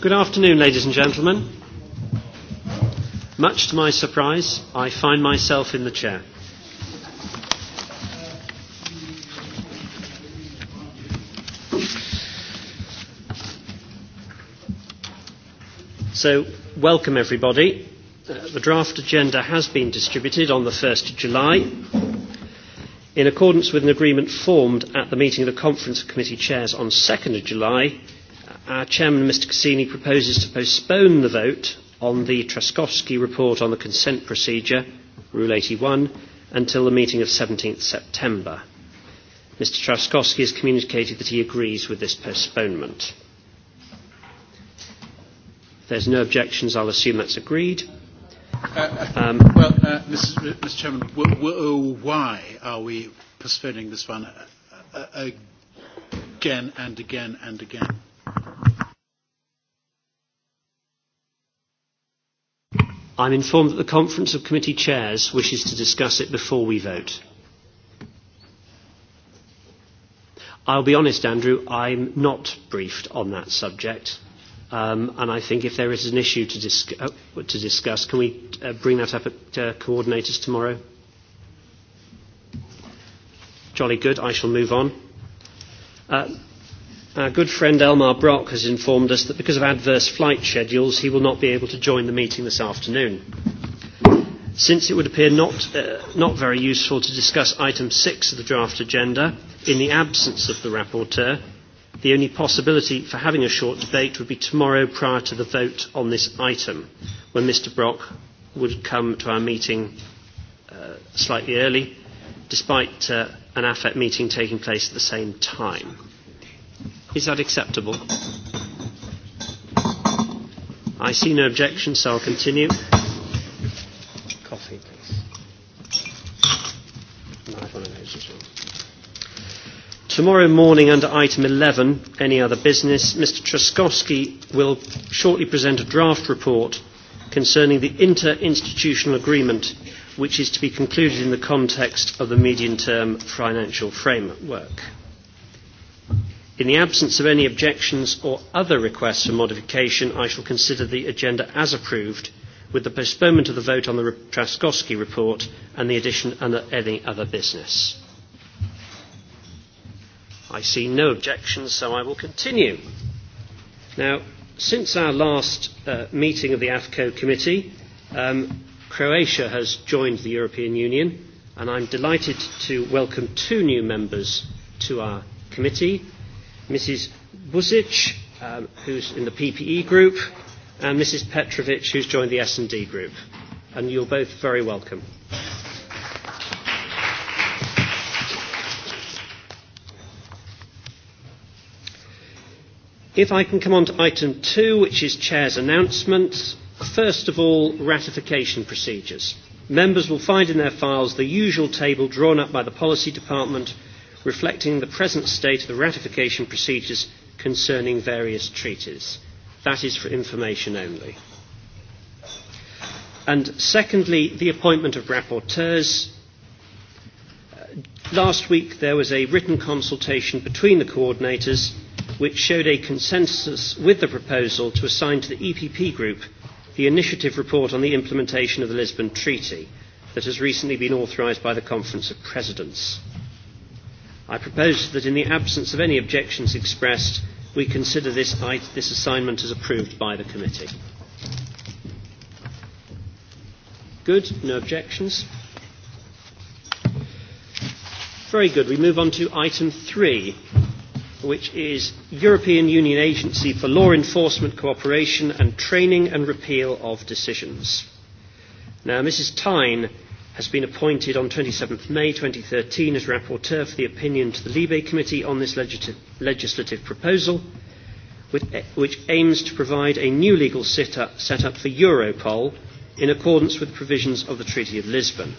Good afternoon, ladies and gentlemen. Much to my surprise, I find myself in the chair. So, welcome everybody. Uh, the draft agenda has been distributed on the 1st of July. In accordance with an agreement formed at the meeting of the Conference of Committee Chairs on 2nd of July, our chairman, Mr. Cassini, proposes to postpone the vote on the Traskowski report on the consent procedure, Rule 81, until the meeting of 17th September. Mr. Traskowski has communicated that he agrees with this postponement. If there's no objections, I'll assume that's agreed. Uh, uh um, well, uh, Mr. Mr. Chairman, w- w- why are we postponing this one uh, uh, again and again and again? I'm informed that the Conference of Committee Chairs wishes to discuss it before we vote. I'll be honest, Andrew, I'm not briefed on that subject. Um, and I think if there is an issue to, dis- uh, to discuss, can we uh, bring that up at uh, coordinators tomorrow? Jolly good. I shall move on. Uh, Our good friend Elmar Brock has informed us that because of adverse flight schedules, he will not be able to join the meeting this afternoon. Since it would appear not, uh, not very useful to discuss item six of the draft agenda in the absence of the rapporteur, the only possibility for having a short debate would be tomorrow prior to the vote on this item, when Mr Brock would come to our meeting uh, slightly early, despite uh, an AFET meeting taking place at the same time. Is that acceptable? I see no objection, so I'll continue. Coffee, please. No, have one of those as well. Tomorrow morning, under item 11, any other business, Mr. Truskowski will shortly present a draft report concerning the interinstitutional agreement which is to be concluded in the context of the medium term financial framework. In the absence of any objections or other requests for modification, I shall consider the agenda as approved, with the postponement of the vote on the Traskowski report and the addition under any other business. I see no objections, so I will continue. Now, since our last uh, meeting of the AFCO committee, um, Croatia has joined the European Union, and I'm delighted to welcome two new members to our committee. Mrs. Busic, um, who's in the PPE group, and Mrs. Petrovic, who's joined the S&D group. And you're both very welcome. If I can come on to item two, which is Chair's announcements. First of all, ratification procedures. Members will find in their files the usual table drawn up by the Policy Department reflecting the present state of the ratification procedures concerning various treaties. That is for information only. And secondly, the appointment of rapporteurs. Uh, last week there was a written consultation between the coordinators which showed a consensus with the proposal to assign to the EPP group the initiative report on the implementation of the Lisbon Treaty that has recently been authorised by the Conference of Presidents. I propose that in the absence of any objections expressed, we consider this, this assignment as approved by the committee. Good, no objections. Very good. We move on to item three, which is European Union Agency for Law Enforcement Cooperation and Training and Repeal of Decisions. Now, Mrs. Tyne has been appointed on 27th May 2013 as rapporteur for the opinion to the Libe Committee on this legislative, legislative proposal, which, which aims to provide a new legal setup, set up for Europol in accordance with the provisions of the Treaty of Lisbon.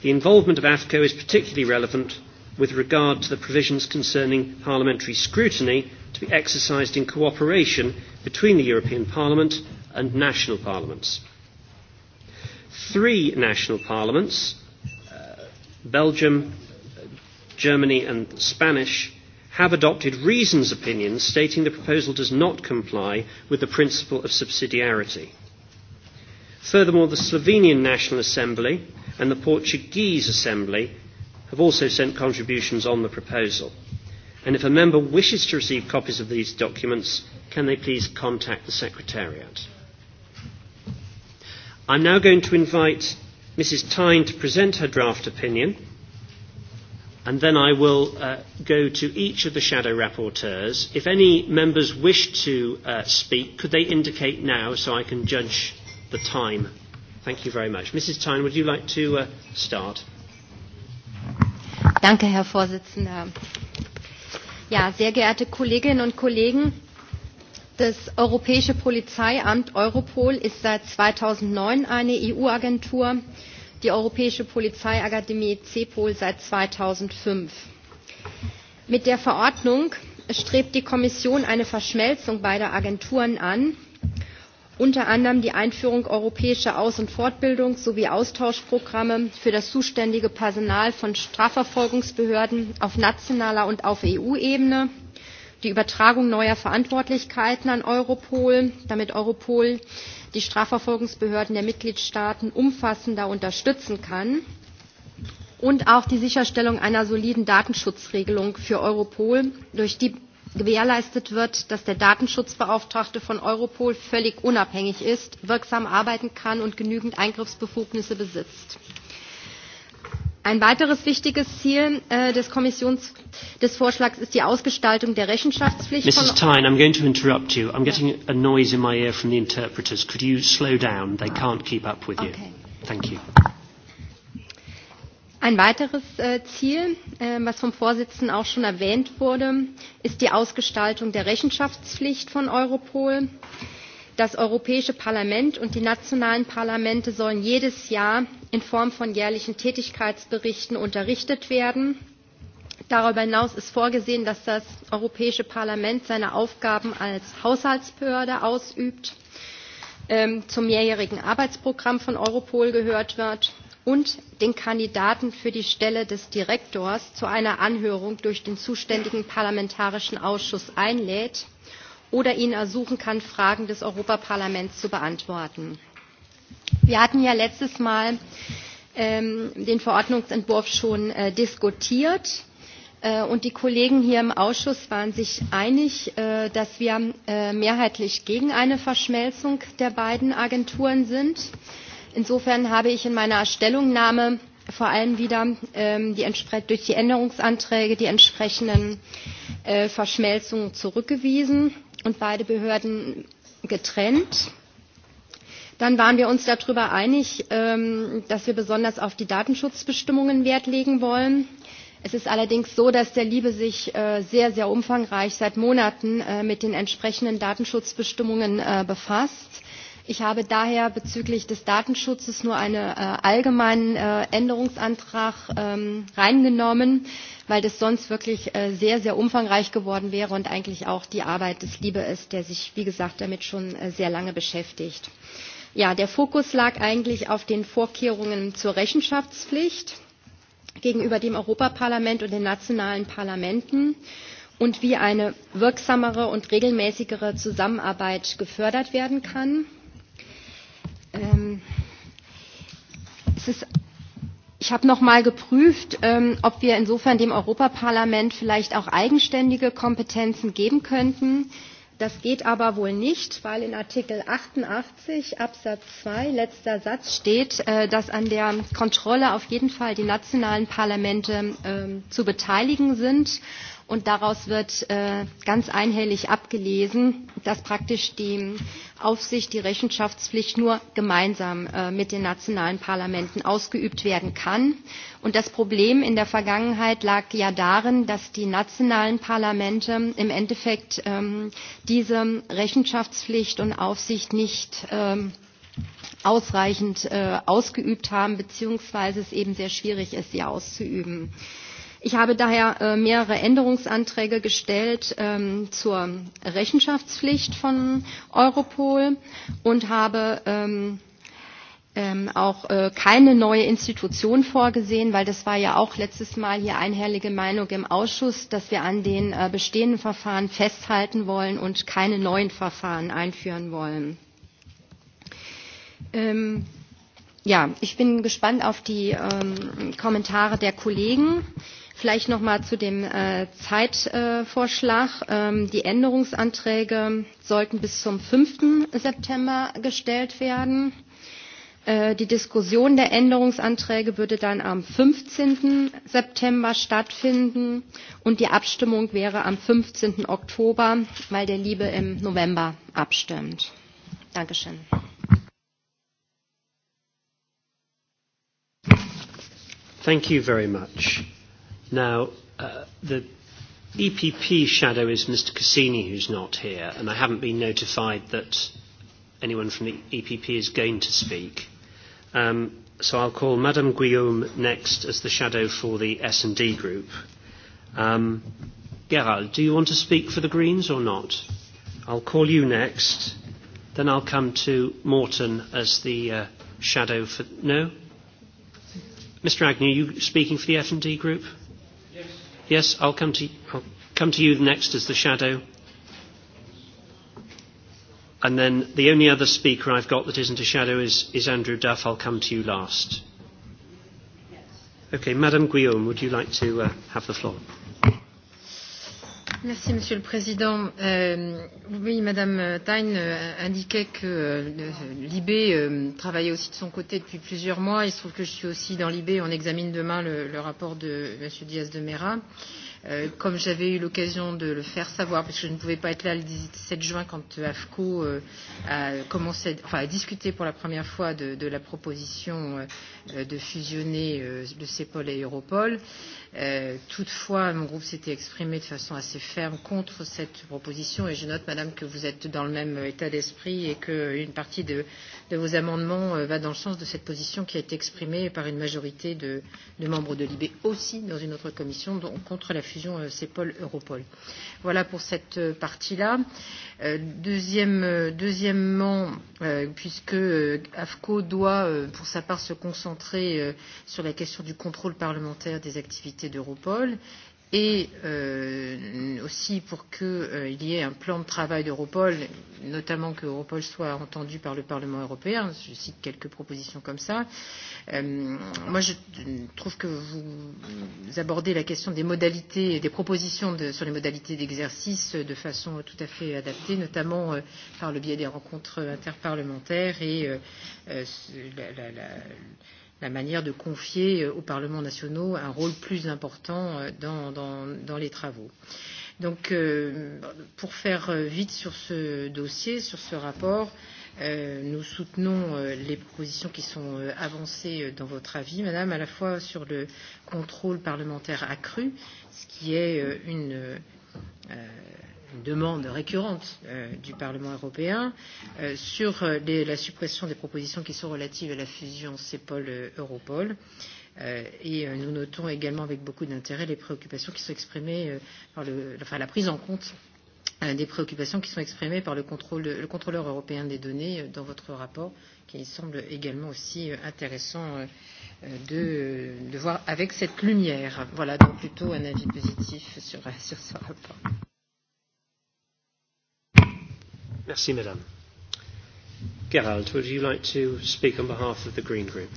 The involvement of AFCO is particularly relevant with regard to the provisions concerning parliamentary scrutiny to be exercised in cooperation between the European Parliament and national parliaments three national parliaments, uh, Belgium, Germany, and Spanish, have adopted reasons opinions stating the proposal does not comply with the principle of subsidiarity. Furthermore, the Slovenian National Assembly and the Portuguese Assembly have also sent contributions on the proposal. And if a member wishes to receive copies of these documents, can they please contact the Secretariat? I'm now going to invite Mrs. Tyne to present her draft opinion, and then I will uh, go to each of the shadow rapporteurs. If any members wish to uh, speak, could they indicate now so I can judge the time? Thank you very much. Mrs. Tyne, would you like to uh, start? Danke, Herr Vorsitzender. Ja, sehr geehrte Kolleginnen und Kollegen, Das Europäische Polizeiamt Europol ist seit 2009 eine EU-Agentur, die Europäische Polizeiakademie CEPOL seit 2005. Mit der Verordnung strebt die Kommission eine Verschmelzung beider Agenturen an, unter anderem die Einführung europäischer Aus- und Fortbildung sowie Austauschprogramme für das zuständige Personal von Strafverfolgungsbehörden auf nationaler und auf EU-Ebene die Übertragung neuer Verantwortlichkeiten an Europol, damit Europol die Strafverfolgungsbehörden der Mitgliedstaaten umfassender unterstützen kann und auch die Sicherstellung einer soliden Datenschutzregelung für Europol, durch die gewährleistet wird, dass der Datenschutzbeauftragte von Europol völlig unabhängig ist, wirksam arbeiten kann und genügend Eingriffsbefugnisse besitzt. Ein weiteres wichtiges Ziel äh, des Kommissions des Vorschlags ist die Ausgestaltung der Rechenschaftspflicht. Mrs. Tyne, I'm going to interrupt you. I'm getting a noise in my ear from the interpreters. Could you slow down? They ah. can't keep up with you. Okay. Thank you. Ein weiteres äh, Ziel, äh, was vom Vorsitzenden auch schon erwähnt wurde, ist die Ausgestaltung der Rechenschaftspflicht von Europol. Äh, das europäische parlament und die nationalen parlamente sollen jedes jahr in form von jährlichen tätigkeitsberichten unterrichtet werden. darüber hinaus ist vorgesehen dass das europäische parlament seine aufgaben als haushaltsbehörde ausübt ähm, zum mehrjährigen arbeitsprogramm von europol gehört wird und den kandidaten für die stelle des direktors zu einer anhörung durch den zuständigen parlamentarischen ausschuss einlädt oder ihn ersuchen kann, Fragen des Europaparlaments zu beantworten. Wir hatten ja letztes Mal ähm, den Verordnungsentwurf schon äh, diskutiert. Äh, und die Kollegen hier im Ausschuss waren sich einig, äh, dass wir äh, mehrheitlich gegen eine Verschmelzung der beiden Agenturen sind. Insofern habe ich in meiner Stellungnahme vor allem wieder ähm, die, durch die Änderungsanträge die entsprechenden Verschmelzungen zurückgewiesen und beide Behörden getrennt. Dann waren wir uns darüber einig, ähm, dass wir besonders auf die Datenschutzbestimmungen Wert legen wollen. Es ist allerdings so, dass der Liebe sich äh, sehr, sehr umfangreich seit Monaten äh, mit den entsprechenden Datenschutzbestimmungen äh, befasst. Ich habe daher bezüglich des Datenschutzes nur einen allgemeinen Änderungsantrag ähm, reingenommen weil das sonst wirklich äh, sehr, sehr umfangreich geworden wäre und eigentlich auch die Arbeit des Liebe ist, der sich, wie gesagt, damit schon äh, sehr lange beschäftigt. Ja, der Fokus lag eigentlich auf den Vorkehrungen zur Rechenschaftspflicht gegenüber dem Europaparlament und den nationalen Parlamenten und wie eine wirksamere und regelmäßigere Zusammenarbeit gefördert werden kann. Ähm, es ist Ich habe noch mal geprüft, ähm, ob wir insofern dem Europaparlament vielleicht auch eigenständige Kompetenzen geben könnten. Das geht aber wohl nicht, weil in Artikel 88 Absatz 2 letzter Satz steht, äh, dass an der Kontrolle auf jeden Fall die nationalen Parlamente äh, zu beteiligen sind. Und daraus wird äh, ganz einhellig abgelesen, dass praktisch die Aufsicht, die Rechenschaftspflicht nur gemeinsam äh, mit den nationalen Parlamenten ausgeübt werden kann. Und das Problem in der Vergangenheit lag ja darin, dass die nationalen Parlamente im Endeffekt ähm, diese Rechenschaftspflicht und Aufsicht nicht ähm, ausreichend äh, ausgeübt haben, beziehungsweise es eben sehr schwierig ist, sie auszuüben. Äh, Ich habe daher äh, mehrere Änderungsanträge gestellt ähm, zur Rechenschaftspflicht von Europol und habe ähm, ähm, auch äh, keine neue Institution vorgesehen, weil das war ja auch letztes Mal hier einhellige Meinung im Ausschuss, dass wir an den äh, bestehenden Verfahren festhalten wollen und keine neuen Verfahren einführen wollen. ja, ich bin gespannt auf die Kommentare der Kollegen. Vielleicht noch mal zu dem äh, Zeitvorschlag. Äh, ähm, die Änderungsanträge sollten bis zum 5. September gestellt werden. Äh, die Diskussion der Änderungsanträge würde dann am 15. September stattfinden und die Abstimmung wäre am 15. Oktober, weil der Liebe im November abstimmt. Dankeschön. Thank you very much. Now, uh, the EPP shadow is Mr. Cassini, who's not here, and I haven't been notified that anyone from the EPP is going to speak. Um, so I'll call Madame Guillaume next as the shadow for the S&D group. Um, Gerald, do you want to speak for the Greens or not? I'll call you next. Then I'll come to Morton as the uh, shadow for... No? Mr Agnew, are you speaking for the F&D group? Yes, I'll come to, I'll come to you next as the shadow. And then the only other speaker I've got that isn't a shadow is, is Andrew Duff. I'll come to you last. Okay, Madame Guillaume, would you like to uh, have the floor? Merci, Monsieur le Président. Euh, oui, Madame Tyne euh, indiquait que euh, l'IB euh, travaillait aussi de son côté depuis plusieurs mois. Il se trouve que je suis aussi dans l'IB. On examine demain le, le rapport de Monsieur Diaz de Mera. Euh, Euh, comme j'avais eu l'occasion de le faire savoir, parce que je ne pouvais pas être là le 17 juin quand euh, AFCO euh, a, commencé, enfin, a discuté pour la première fois de, de la proposition euh, de fusionner euh, le CEPOL et Europol. Euh, toutefois, mon groupe s'était exprimé de façon assez ferme contre cette proposition et je note, Madame, que vous êtes dans le même euh, état d'esprit et qu'une partie de, de vos amendements euh, va dans le sens de cette position qui a été exprimée par une majorité de, de membres de l'IB aussi dans une autre commission donc, contre la fusion euh, CEPOL-Europol. Voilà pour cette euh, partie-là. Euh, deuxième, euh, deuxièmement, euh, puisque euh, AFCO doit euh, pour sa part se concentrer euh, sur la question du contrôle parlementaire des activités d'Europol et euh, aussi pour qu'il euh, y ait un plan de travail d'Europol, notamment que Europol soit entendu par le Parlement européen. Je cite quelques propositions comme ça. Euh, moi, je trouve que vous abordez la question des modalités, des propositions de, sur les modalités d'exercice de façon tout à fait adaptée, notamment euh, par le biais des rencontres interparlementaires et euh, euh, la, la, la la manière de confier euh, aux parlements nationaux un rôle plus important euh, dans, dans, dans les travaux. Donc, euh, pour faire euh, vite sur ce dossier, sur ce rapport, euh, nous soutenons euh, les propositions qui sont euh, avancées euh, dans votre avis, Madame, à la fois sur le contrôle parlementaire accru, ce qui est euh, une. Euh, une demande récurrente euh, du Parlement européen euh, sur euh, les, la suppression des propositions qui sont relatives à la fusion CEPOL-Europol. Euh, et euh, nous notons également avec beaucoup d'intérêt les préoccupations qui sont exprimées euh, par le, enfin, la prise en compte euh, des préoccupations qui sont exprimées par le, contrôle, le contrôleur européen des données euh, dans votre rapport, qui semble également aussi euh, intéressant euh, euh de, euh, de voir avec cette lumière. Voilà donc plutôt un avis positif sur, euh, sur ce rapport. Merci, madame. Gerald, would you like to speak on behalf of the Green Group?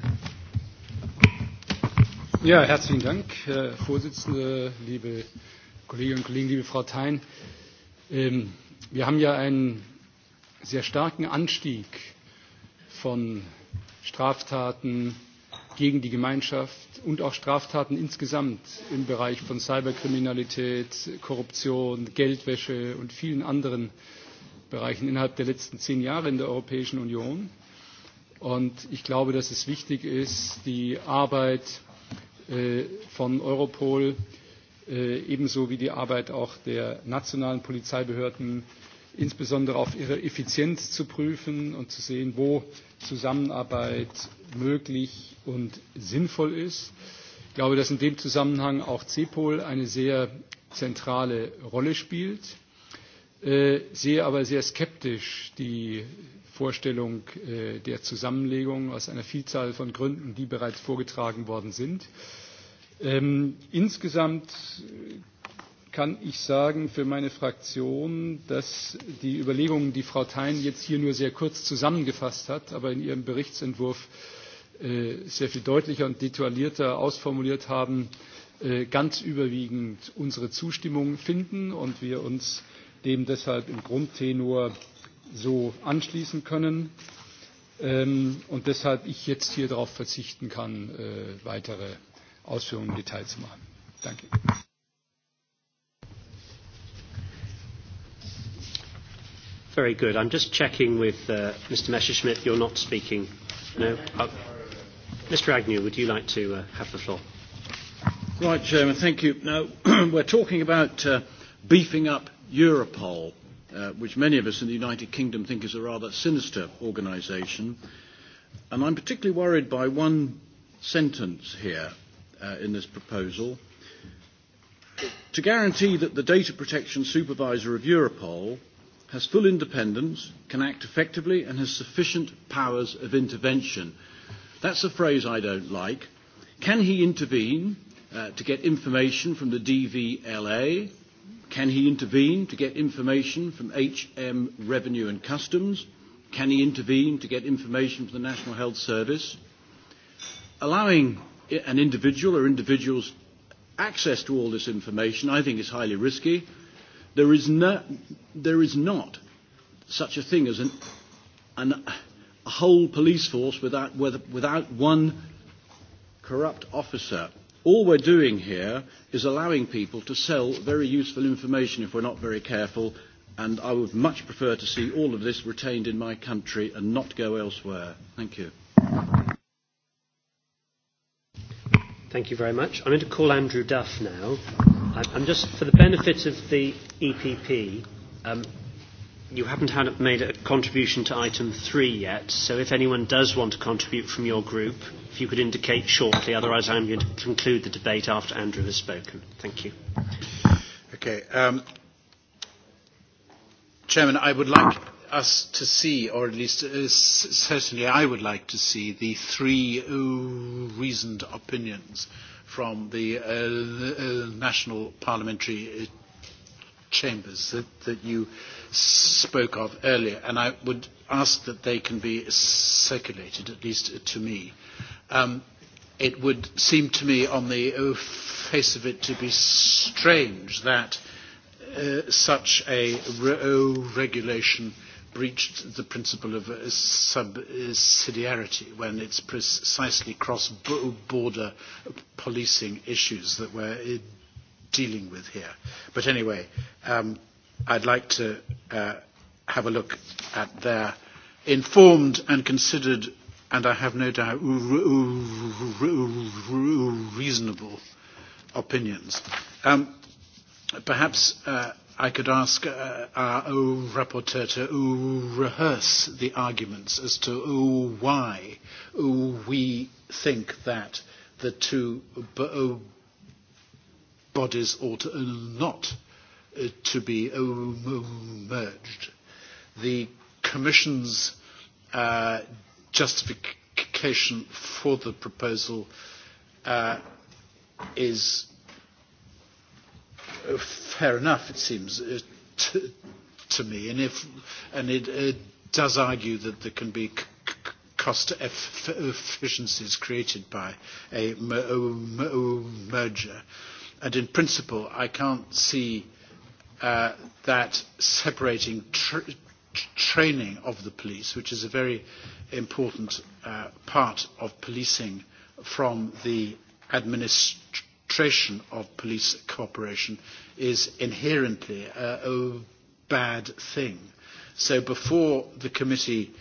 Ja, herzlichen Dank, Herr Vorsitzende, liebe Kolleginnen und Kollegen, liebe Frau Thein. Ähm, wir haben ja einen sehr starken Anstieg von Straftaten gegen die Gemeinschaft und auch Straftaten insgesamt im Bereich von Cyberkriminalität, Korruption, Geldwäsche und vielen anderen äh, Bereichen innerhalb der letzten zehn Jahre in der Europäischen Union. Und ich glaube, dass es wichtig ist, die Arbeit äh, von Europol äh, ebenso wie die Arbeit auch der nationalen Polizeibehörden insbesondere auf ihre Effizienz zu prüfen und zu sehen, wo Zusammenarbeit möglich und sinnvoll ist. Ich glaube, dass in dem Zusammenhang auch CEPOL eine sehr zentrale Rolle spielt. Äh, sehe aber sehr skeptisch die Vorstellung äh, der Zusammenlegung aus einer Vielzahl von Gründen, die bereits vorgetragen worden sind. Ähm, insgesamt kann ich sagen für meine Fraktion, dass die Überlegungen, die Frau Thein jetzt hier nur sehr kurz zusammengefasst hat, aber in ihrem Berichtsentwurf äh, sehr viel deutlicher und detaillierter ausformuliert haben, ganz überwiegend unsere Zustimmung finden und wir uns dem deshalb im Grundtenor so anschließen können ähm, und deshalb ich jetzt hier darauf verzichten kann, äh, weitere Ausführungen im Detail zu machen. Danke. Very good. I'm just checking with uh, Mr. Messerschmidt. You're not speaking. No. Uh, Mr. Agnew, would you like to uh, have the floor? Right, Chairman. Thank you. Now, we're talking about uh, beefing up Europol, uh, which many of us in the United Kingdom think is a rather sinister organisation. And I'm particularly worried by one sentence here uh, in this proposal. To guarantee that the data protection supervisor of Europol has full independence, can act effectively, and has sufficient powers of intervention. That's a phrase I don't like. Can he intervene uh, to get information from the DVLA, Can he intervene to get information from HM Revenue and Customs? Can he intervene to get information from the National Health Service? Allowing an individual or individuals access to all this information, I think, is highly risky. There is, no, there is not such a thing as an, an, a whole police force without, without one corrupt officer All we're doing here is allowing people to sell very useful information if we're not very careful, and I would much prefer to see all of this retained in my country and not go elsewhere. Thank you. Thank you very much. I'm going to call Andrew Duff now. I'm just, for the benefit of the EPP, um, you haven't had, made a contribution to item three yet, so if anyone does want to contribute from your group, if you could indicate shortly, otherwise I'm going to conclude the debate after Andrew has spoken. Thank you. Okay. Um, Chairman, I would like us to see, or at least uh, certainly I would like to see, the three uh, reasoned opinions from the uh, uh, national parliamentary uh, chambers that, that you uh, spoke of earlier, and I would ask that they can be circulated, at least to me. Um, it would seem to me, on the face of it, to be strange that uh, such a re- oh, regulation breached the principle of uh, subsidiarity when it's precisely cross-border policing issues that we're uh, dealing with here. But anyway, um, I'd like to uh, have a look at their informed and considered, and I have no doubt reasonable opinions. Um, perhaps uh, I could ask uh, our rapporteur to rehearse the arguments as to why we think that the two bodies ought not to be merged. The Commission's uh, justification for the proposal uh, is fair enough, it seems uh, to, to me, and, if, and it uh, does argue that there can be cost eff efficiencies created by a merger. And in principle, I can't see Uh, that separating training of the police, which is a very important uh, part of policing, from the administration of police cooperation is inherently a, a bad thing. So before the committee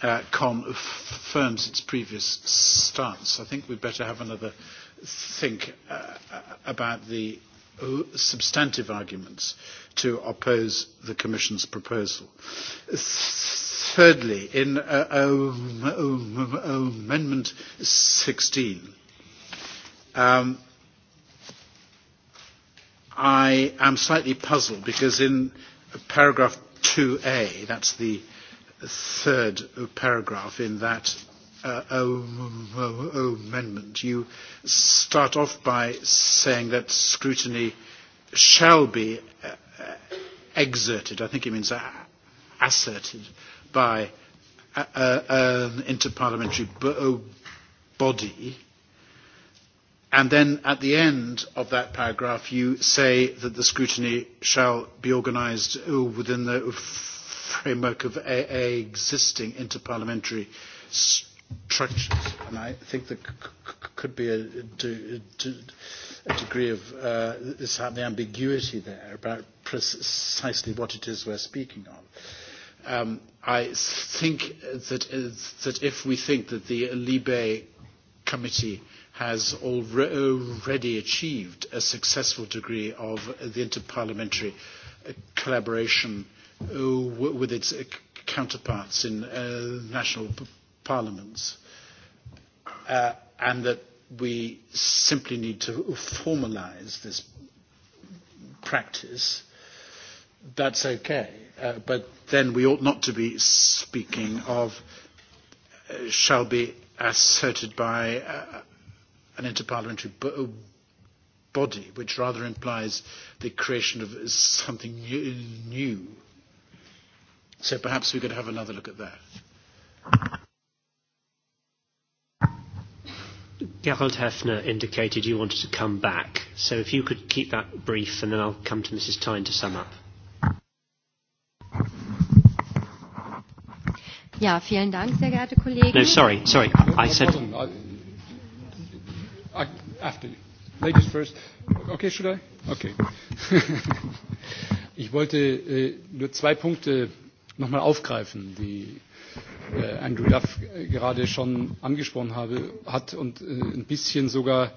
uh, confirms its previous stance, I think we'd better have another think uh, about the substantive arguments to oppose the Commission's proposal. Thirdly, in uh, um, um, um, Amendment 16, um, I am slightly puzzled because in paragraph 2A, that's the third paragraph in that uh, oh, oh, oh, amendment. You start off by saying that scrutiny shall be uh, uh, exerted, I think it means uh, asserted, by an interparliamentary body. And then at the end of that paragraph, you say that the scrutiny shall be organised within the framework of a, a existing interparliamentary st trenches, And I think there could be a, de a degree of uh, the ambiguity there about precisely what it is we're speaking of. Um, I think that, uh, that if we think that the Libé committee has alre- already achieved a successful degree of the interparliamentary uh, collaboration uh, with its uh, counterparts in uh, national parliaments, uh, and that we simply need to formalise this practice, that's okay. Uh, but then we ought not to be speaking of uh, shall be asserted by uh, an interparliamentary bo body, which rather implies the creation of something new. So perhaps we could have another look at that. Gerald Hefner indicated you wanted to come back, so if you could keep that brief, and then I'll come to Mrs. Tyne to sum up. Ja, vielen Dank, sehr geehrte Kollegen. No, sorry, sorry. no, I said. I, after, you. ladies first. Okay, should I? Okay. ich wollte äh, nur zwei Punkte nochmal aufgreifen, die Äh, Andrew Duff gerade schon angesprochen habe, hat und äh, ein bisschen sogar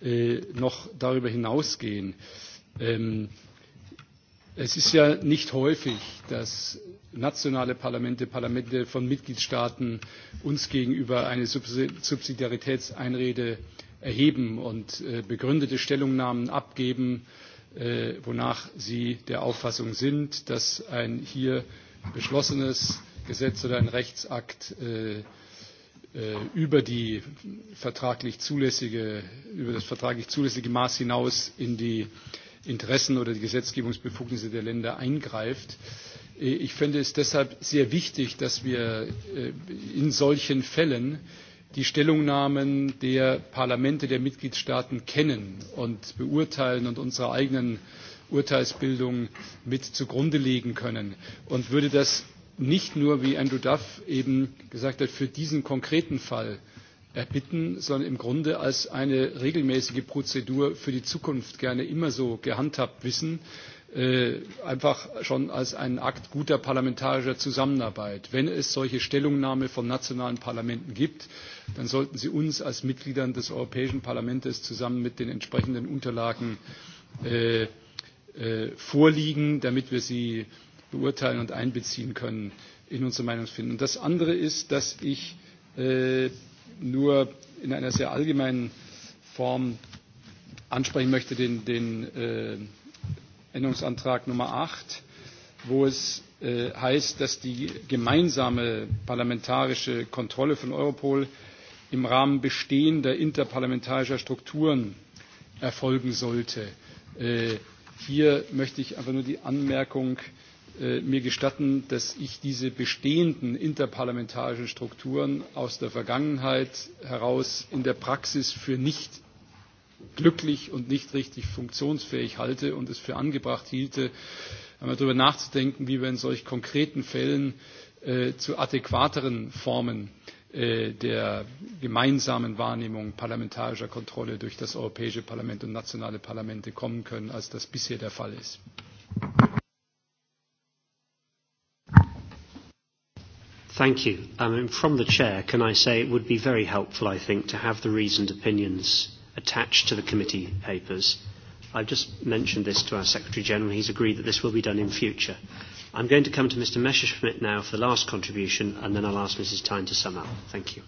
äh, noch darüber hinausgehen. Ähm, es ist ja nicht häufig, dass nationale Parlamente, Parlamente von Mitgliedstaaten uns gegenüber eine Subsidiaritätseinrede erheben und begründete Stellungnahmen abgeben, wonach sie der Auffassung sind, dass ein hier beschlossenes Gesetz oder ein Rechtsakt äh, äh, über die vertraglich zulässige, über das vertraglich zulässige Maß hinaus in die Interessen oder die Gesetzgebungsbefugnisse der Länder eingreift. Äh, ich fände es deshalb sehr wichtig, dass wir in solchen Fällen die Stellungnahmen der Parlamente der Mitgliedstaaten kennen und beurteilen und unserer eigenen Urteilsbildung mit zugrunde legen können und würde das nicht nur, wie Andrew Duff eben gesagt hat, für diesen konkreten Fall erbitten, sondern im Grunde als eine regelmäßige Prozedur für die Zukunft gerne immer so gehandhabt wissen, äh, einfach schon als einen Akt guter parlamentarischer Zusammenarbeit. Wenn es solche Stellungnahme von nationalen Parlamenten gibt, dann sollten sie uns als Mitgliedern des Europäischen Parlaments zusammen mit den entsprechenden Unterlagen äh, äh, vorliegen, damit wir sie beurteilen und einbeziehen können in unsere Meinungsfindung. Das andere ist, dass ich äh, nur in einer sehr allgemeinen Form ansprechen möchte, den, den äh, Änderungsantrag Nummer 8, wo es äh, heißt, dass die gemeinsame parlamentarische Kontrolle von Europol im Rahmen bestehender interparlamentarischer Strukturen erfolgen sollte. Äh, hier möchte ich einfach nur die Anmerkung äh, Äh, mir gestatten, dass ich diese bestehenden interparlamentarischen Strukturen aus der Vergangenheit heraus in der Praxis für nicht glücklich und nicht richtig funktionsfähig halte und es für angebracht hielte, einmal darüber nachzudenken, wie wir in solch konkreten Fällen äh, zu adäquateren Formen äh, der gemeinsamen Wahrnehmung parlamentarischer Kontrolle durch das Europäische Parlament und nationale Parlamente kommen können, als das bisher der Fall ist. Thank you. I um, mean, from the chair, can I say it would be very helpful, I think, to have the reasoned opinions attached to the committee papers. I've just mentioned this to our Secretary General. He's agreed that this will be done in future. I'm going to come to Mr. Messerschmidt now for the last contribution, and then I'll ask Mrs. Tyne to sum up. Thank you.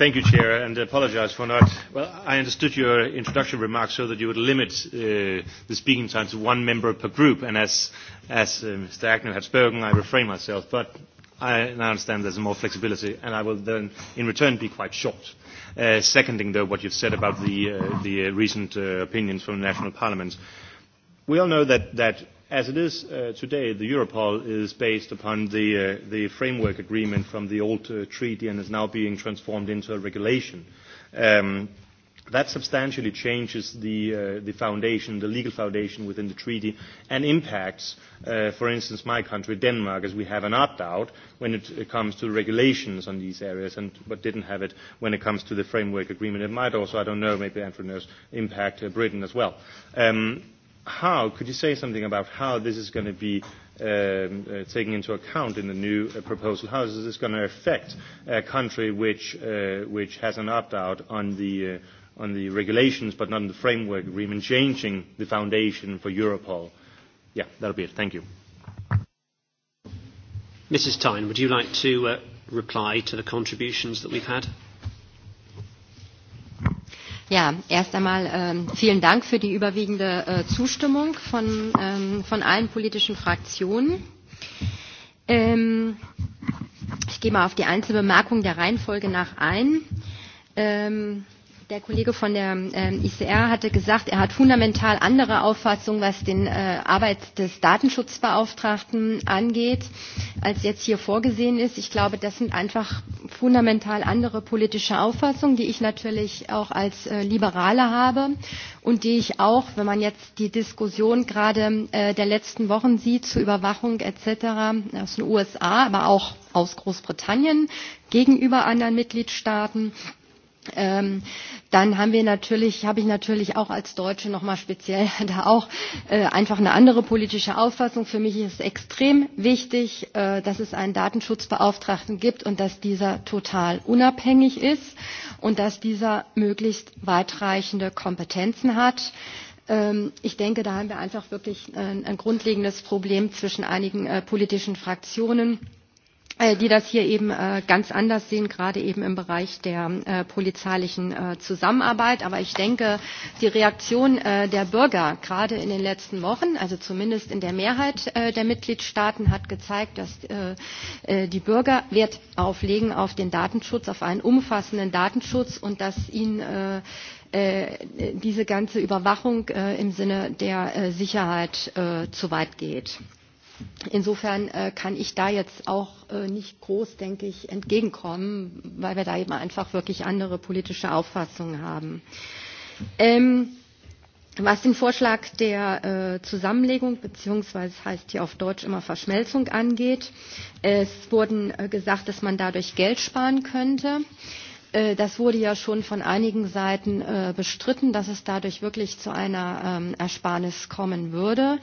Thank you, Chair, and I apologize for not. Well, I understood your introduction remarks so that you would limit uh, the speaking time to one member per group, and as, as uh, Mr. Agnew had spoken, I refrain myself, but I, and I understand there's more flexibility, and I will then, in return, be quite short. Uh, seconding, though, what you've said about the, uh, the uh, recent uh, opinions from the national parliaments, we all know that, that As it is uh, today, the Europol is based upon the, uh, the framework agreement from the old uh, treaty and is now being transformed into a regulation. Um, that substantially changes the, uh, the foundation, the legal foundation within the treaty, and impacts, uh, for instance, my country, Denmark, as we have an opt-out when it comes to regulations on these areas, and, but didn't have it when it comes to the framework agreement. It might also, I don't know, maybe Andrew knows, impact uh, Britain as well. Um, how could you say something about how this is going to be um, uh, taken into account in the new uh, proposal? How is this going to affect a country which uh, which has an opt out on uh, on the regulations but not on the framework agreement, changing the foundation for Europol? Yeah, that'll be it. Thank you. Mrs. Tyne, would you like to uh, reply to the contributions that we've had? Ja, erst einmal äh, vielen Dank für die überwiegende äh, Zustimmung von, ähm, von allen politischen Fraktionen. Ähm, ich gehe mal auf die Einzelbemerkungen der Reihenfolge nach ein. Ähm, Der Kollege von der ähm, ICR hatte gesagt, er hat fundamental andere Auffassung, was den äh, Arbeit des Datenschutzbeauftragten angeht, als jetzt hier vorgesehen ist. Ich glaube, das sind einfach fundamental andere politische Auffassungen, die ich natürlich auch als äh, Liberale habe und die ich auch, wenn man jetzt die Diskussion gerade äh, der letzten Wochen sieht zu Überwachung etc. aus den USA, aber auch aus Großbritannien gegenüber anderen Mitgliedstaaten, Ähm, dann haben wir natürlich, habe ich natürlich auch als Deutsche nochmal speziell da auch äh, einfach eine andere politische Auffassung. Für mich ist es extrem wichtig, äh, dass es einen Datenschutzbeauftragten gibt und dass dieser total unabhängig ist und dass dieser möglichst weitreichende Kompetenzen hat. Ähm, Ich denke, da haben wir einfach wirklich ein, ein grundlegendes Problem zwischen einigen äh, politischen Fraktionen Äh, die das hier eben äh, ganz anders sehen, gerade eben im Bereich der äh, polizeilichen Zusammenarbeit. Aber ich denke, die Reaktion der Bürger gerade in den letzten Wochen, also zumindest in der Mehrheit der Mitgliedstaaten, hat gezeigt, dass die Bürger Wert auflegen auf den Datenschutz, auf einen umfassenden Datenschutz und dass ihnen diese ganze Überwachung im Sinne der Sicherheit zu weit geht. Insofern äh, kann ich da jetzt auch äh, nicht groß, denke ich, entgegenkommen, weil wir da eben einfach wirklich andere politische Auffassungen haben. Ähm, was den Vorschlag der äh, Zusammenlegung beziehungsweise heißt hier auf Deutsch immer Verschmelzung angeht, es wurden äh, gesagt, dass man dadurch Geld sparen könnte. Äh, Äh, das wurde ja schon von einigen Seiten äh, bestritten, dass es dadurch wirklich zu einer ähm, Ersparnis kommen würde.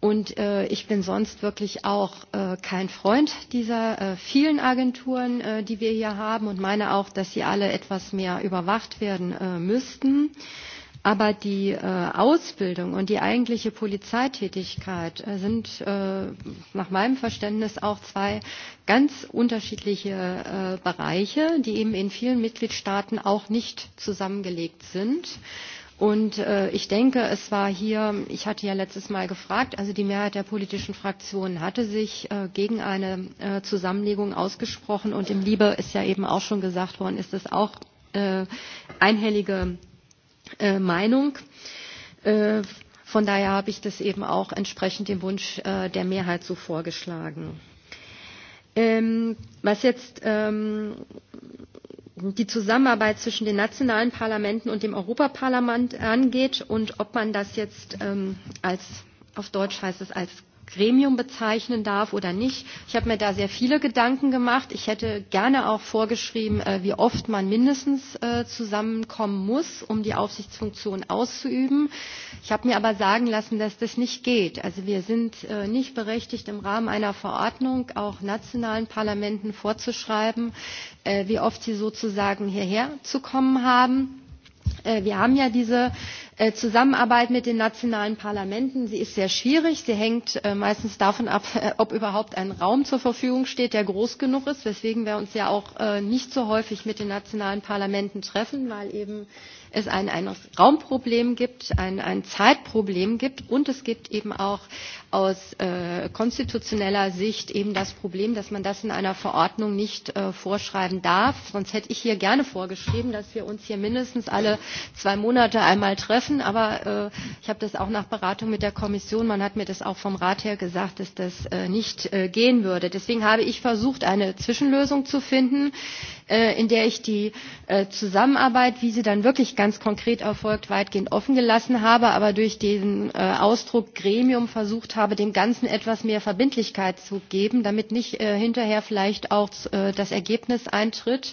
Und äh, ich bin sonst wirklich auch äh, kein Freund dieser äh, vielen Agenturen, äh, die wir hier haben und meine auch, dass sie alle etwas mehr überwacht werden äh, müssten. Äh, Aber die äh, Ausbildung und die eigentliche Polizeitätigkeit äh, sind äh, nach meinem Verständnis auch zwei ganz unterschiedliche äh, Bereiche, die eben in vielen Mitgliedstaaten auch nicht zusammengelegt sind. Und äh, ich denke, es war hier, ich hatte ja letztes Mal gefragt, also die Mehrheit der politischen Fraktionen hatte sich äh, gegen eine äh, Zusammenlegung ausgesprochen. Und im Liebe ist ja eben auch schon gesagt worden, ist es auch äh, einhellige Äh, Meinung. Äh, von daher habe ich das eben auch entsprechend dem Wunsch äh, der Mehrheit so vorgeschlagen. Ähm, was jetzt ähm, die Zusammenarbeit zwischen den nationalen Parlamenten und dem Europaparlament angeht und ob man das jetzt ähm, als auf Deutsch heißt es als Gremium bezeichnen darf oder nicht. Ich habe mir da sehr viele Gedanken gemacht. Ich hätte gerne auch vorgeschrieben, äh, wie oft man mindestens äh, zusammenkommen muss, um die Aufsichtsfunktion auszuüben. Ich habe mir aber sagen lassen, dass das nicht geht. Also wir sind äh, nicht berechtigt, im Rahmen einer Verordnung auch nationalen Parlamenten vorzuschreiben, wie oft sie sozusagen hierher zu kommen haben. Äh, wir haben ja diese äh, zusammenarbeit mit den nationalen parlamenten sie ist sehr schwierig sie hängt äh, meistens davon ab ob überhaupt ein raum zur verfügung steht der groß genug ist weswegen wir uns ja auch nicht so häufig mit den nationalen parlamenten treffen weil eben es ein, ein Raumproblem gibt, ein, ein Zeitproblem gibt und es gibt eben auch aus äh, konstitutioneller Sicht eben das Problem, dass man das in einer Verordnung nicht äh, vorschreiben darf. Sonst hätte ich hier gerne vorgeschrieben, dass wir uns hier mindestens alle zwei Monate einmal treffen. Aber äh, ich habe das auch nach Beratung mit der Kommission, man hat mir das auch vom Rat her gesagt, dass das äh, nicht äh, gehen würde. Deswegen habe ich versucht, eine Zwischenlösung zu finden Äh, in der ich die äh, Zusammenarbeit, wie sie dann wirklich ganz konkret erfolgt, weitgehend offen gelassen habe, aber durch den äh, Ausdruck Gremium versucht habe, dem Ganzen etwas mehr Verbindlichkeit zu geben, damit nicht hinterher vielleicht auch das Ergebnis eintritt,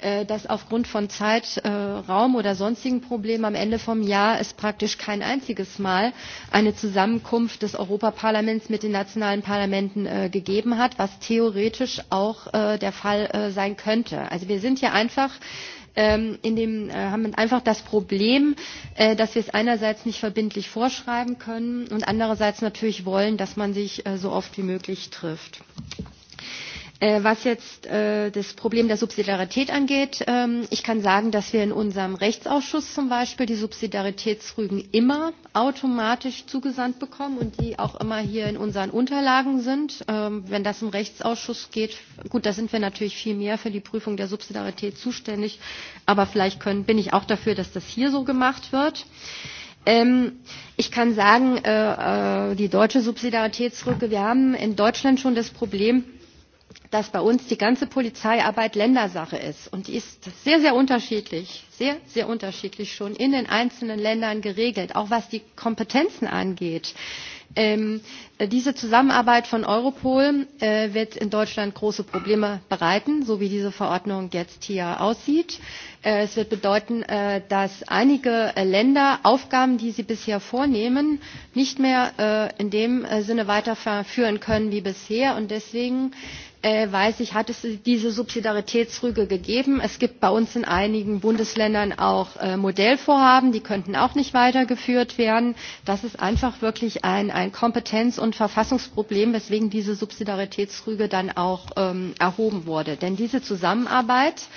Äh, dass aufgrund von Zeit, äh, Raum oder sonstigen Problemen am Ende vom Jahr es praktisch kein einziges Mal eine Zusammenkunft des Europaparlaments mit den nationalen Parlamenten äh, gegeben hat, was theoretisch auch äh, der Fall äh, sein könnte. Also wir sind hier einfach ähm, in dem, äh, haben wir einfach das Problem, äh, dass wir es einerseits nicht verbindlich vorschreiben können und andererseits natürlich wollen, dass man sich äh, so oft wie möglich trifft. Äh, was jetzt äh, das Problem der Subsidiarität angeht, ähm, ich kann sagen, dass wir in unserem Rechtsausschuss zum Beispiel die Subsidiaritätsrügen immer automatisch zugesandt bekommen und die auch immer hier in unseren Unterlagen sind. Ähm, wenn das im Rechtsausschuss geht, gut, da sind wir natürlich viel mehr für die Prüfung der Subsidiarität zuständig, aber vielleicht können, bin ich auch dafür, dass das hier so gemacht wird. Ähm, ich kann sagen, äh, äh die deutsche Subsidiaritätsrücke, wir haben in Deutschland schon das Problem, dass bei uns die ganze polizeiarbeit ländersache ist und die ist sehr sehr unterschiedlich sehr sehr unterschiedlich schon in den einzelnen ländern geregelt auch was die kompetenzen angeht. Ähm, diese zusammenarbeit von europol äh, wird in deutschland große probleme bereiten so wie diese verordnung jetzt hier aussieht. Äh, es wird bedeuten äh, dass einige länder aufgaben die sie bisher vornehmen nicht mehr in dem sinne weiterführen können wie bisher und deswegen Äh, weiß ich, hat es diese Subsidiaritätsrüge gegeben. Es gibt bei uns in einigen Bundesländern auch äh, Modellvorhaben, die könnten auch nicht weitergeführt werden. Das ist einfach wirklich ein, ein Kompetenz- und Verfassungsproblem, weswegen diese Subsidiaritätsrüge dann auch ähm, erhoben wurde. Denn diese Zusammenarbeit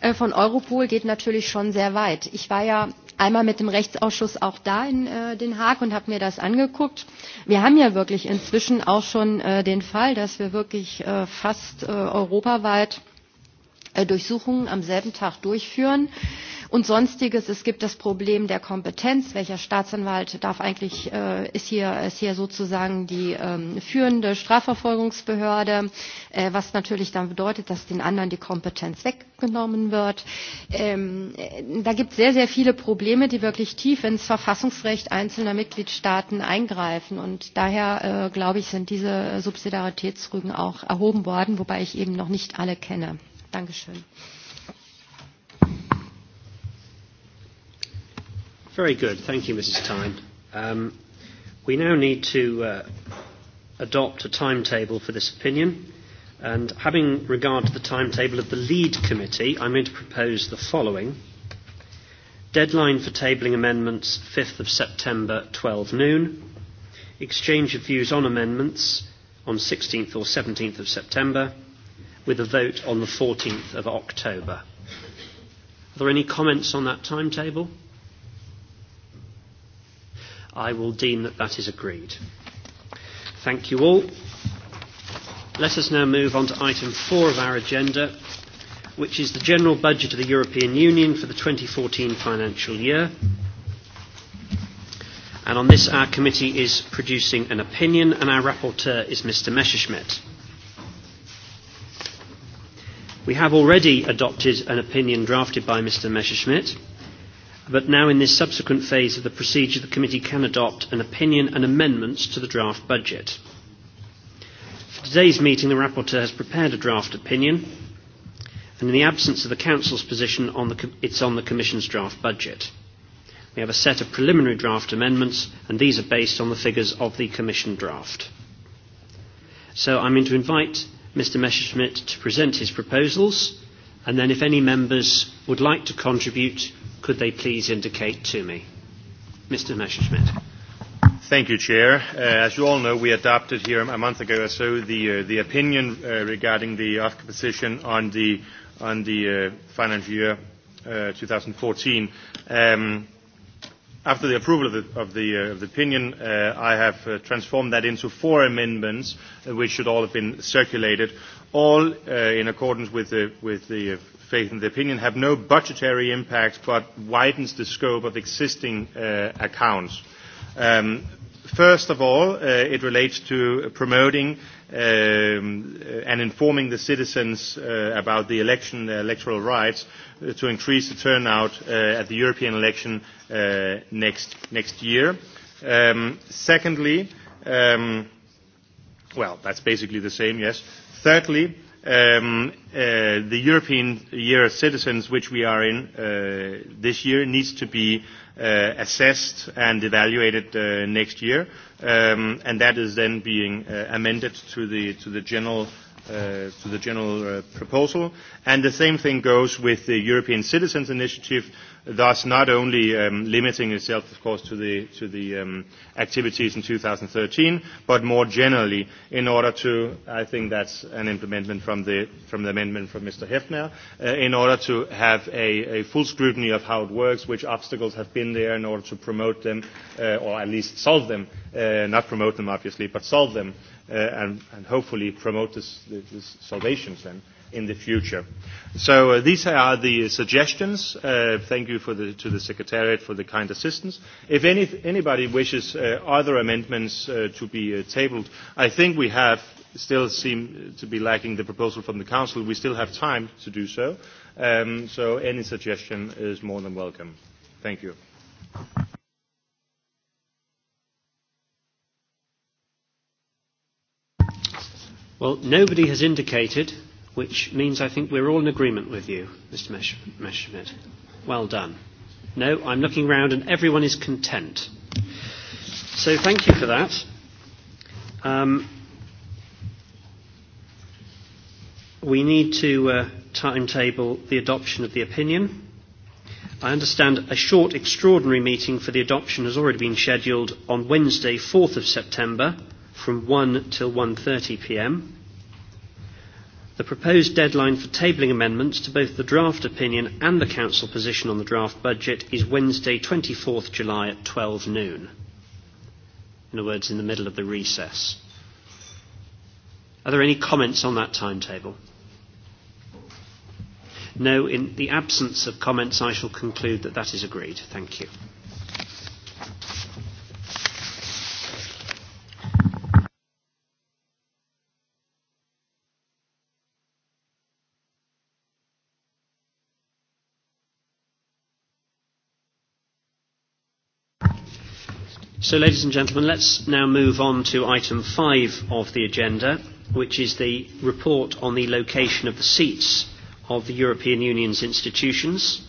Äh, von Europol geht natürlich schon sehr weit. Ich war ja einmal mit dem Rechtsausschuss auch da in äh, Den Haag und habe mir das angeguckt. Wir haben ja wirklich inzwischen auch schon äh, den Fall, dass wir wirklich äh, fast äh, europaweit Äh, Durchsuchungen am selben Tag durchführen. Und sonstiges, es gibt das Problem der Kompetenz. Welcher Staatsanwalt darf eigentlich, äh, ist, hier, ist hier sozusagen die ähm, führende Strafverfolgungsbehörde, äh, was natürlich dann bedeutet, dass den anderen die Kompetenz weggenommen wird. Ähm, äh, da gibt es sehr, sehr viele Probleme, die wirklich tief ins Verfassungsrecht einzelner Mitgliedstaaten eingreifen. Und daher, äh, glaube ich, sind diese Subsidiaritätsrügen auch erhoben worden, wobei ich eben noch nicht alle kenne. Dankeschön. Very good. Thank you, Mrs. Tyne. Um, we now need to uh, adopt a timetable for this opinion. And having regard to the timetable of the lead committee, I'm going to propose the following. Deadline for tabling amendments 5th of September, 12 noon. Exchange of views on amendments on 16th or 17th of September with a vote on the 14th of October. Are there any comments on that timetable? I will deem that that is agreed. Thank you all. Let us now move on to item four of our agenda, which is the general budget of the European Union for the 2014 financial year. And on this, our committee is producing an opinion, and our rapporteur is Mr. Messerschmidt. We have already adopted an opinion drafted by Mr Messerschmidt, but now in this subsequent phase of the procedure, the committee can adopt an opinion and amendments to the draft budget. For today's meeting, the rapporteur has prepared a draft opinion, and in the absence of the council's position, on the, it's on the commission's draft budget. We have a set of preliminary draft amendments, and these are based on the figures of the Commission draft. So I'm going to invite Mr Messerschmidt to present his proposals, and then if any members would like to contribute, could they please indicate to me? Mr Messerschmidt. Thank you, Chair. Uh, as you all know, we adopted here a month ago or so the, uh, the opinion uh, regarding the OFCA position on the, on the uh, financial year uh, 2014. Um, after the approval of the, of the, uh, of the opinion, uh, I have uh, transformed that into four amendments, uh, which should all have been circulated, all uh, in accordance with the, with the uh, faith and the opinion, have no budgetary impact but widens the scope of existing uh, accounts. Um, first of all, uh, it relates to promoting um, uh, and informing the citizens uh, about the election the electoral rights uh, to increase the turnout uh, at the European election uh, next next year. Um, secondly, um, well, that's basically the same. Yes. Thirdly um, uh, the European Year of Citizens, which we are in uh, this year, needs to be uh, assessed and evaluated uh, next year, um, and that is then being uh, amended to the, to the general uh, Uh, to the general uh, proposal. And the same thing goes with the European Citizens Initiative, thus not only um, limiting itself, of course, to the, to the um, activities in 2013, but more generally in order to, I think that's an implementation from the, from the amendment from Mr. Hefner, uh, in order to have a, a full scrutiny of how it works, which obstacles have been there in order to promote them, uh, or at least solve them, uh, not promote them obviously, but solve them uh, and, and hopefully promote this, this this salvation then in the future. So uh, these are the suggestions. Uh, thank you for the, to the Secretariat for the kind assistance. If any, anybody wishes uh, other amendments uh, to be uh, tabled, I think we have still seem to be lacking the proposal from the Council. We still have time to do so. Um, so any suggestion is more than welcome. Thank you. Well, nobody has indicated, which means I think we're all in agreement with you, Mr. Messerschmidt. Well done. No, I'm looking around and everyone is content. So thank you for that. Um, we need to uh, timetable the adoption of the opinion. I understand a short extraordinary meeting for the adoption has already been scheduled on Wednesday, 4th of September from 1 till 1.30 p.m. The proposed deadline for tabling amendments to both the draft opinion and the Council position on the draft budget is Wednesday 24th July at 12 noon. In other words, in the middle of the recess. Are there any comments on that timetable? No, in the absence of comments, I shall conclude that that is agreed. Thank you. So, ladies and gentlemen, let's now move on to item five of the agenda, which is the report on the location of the seats of the European Union's institutions.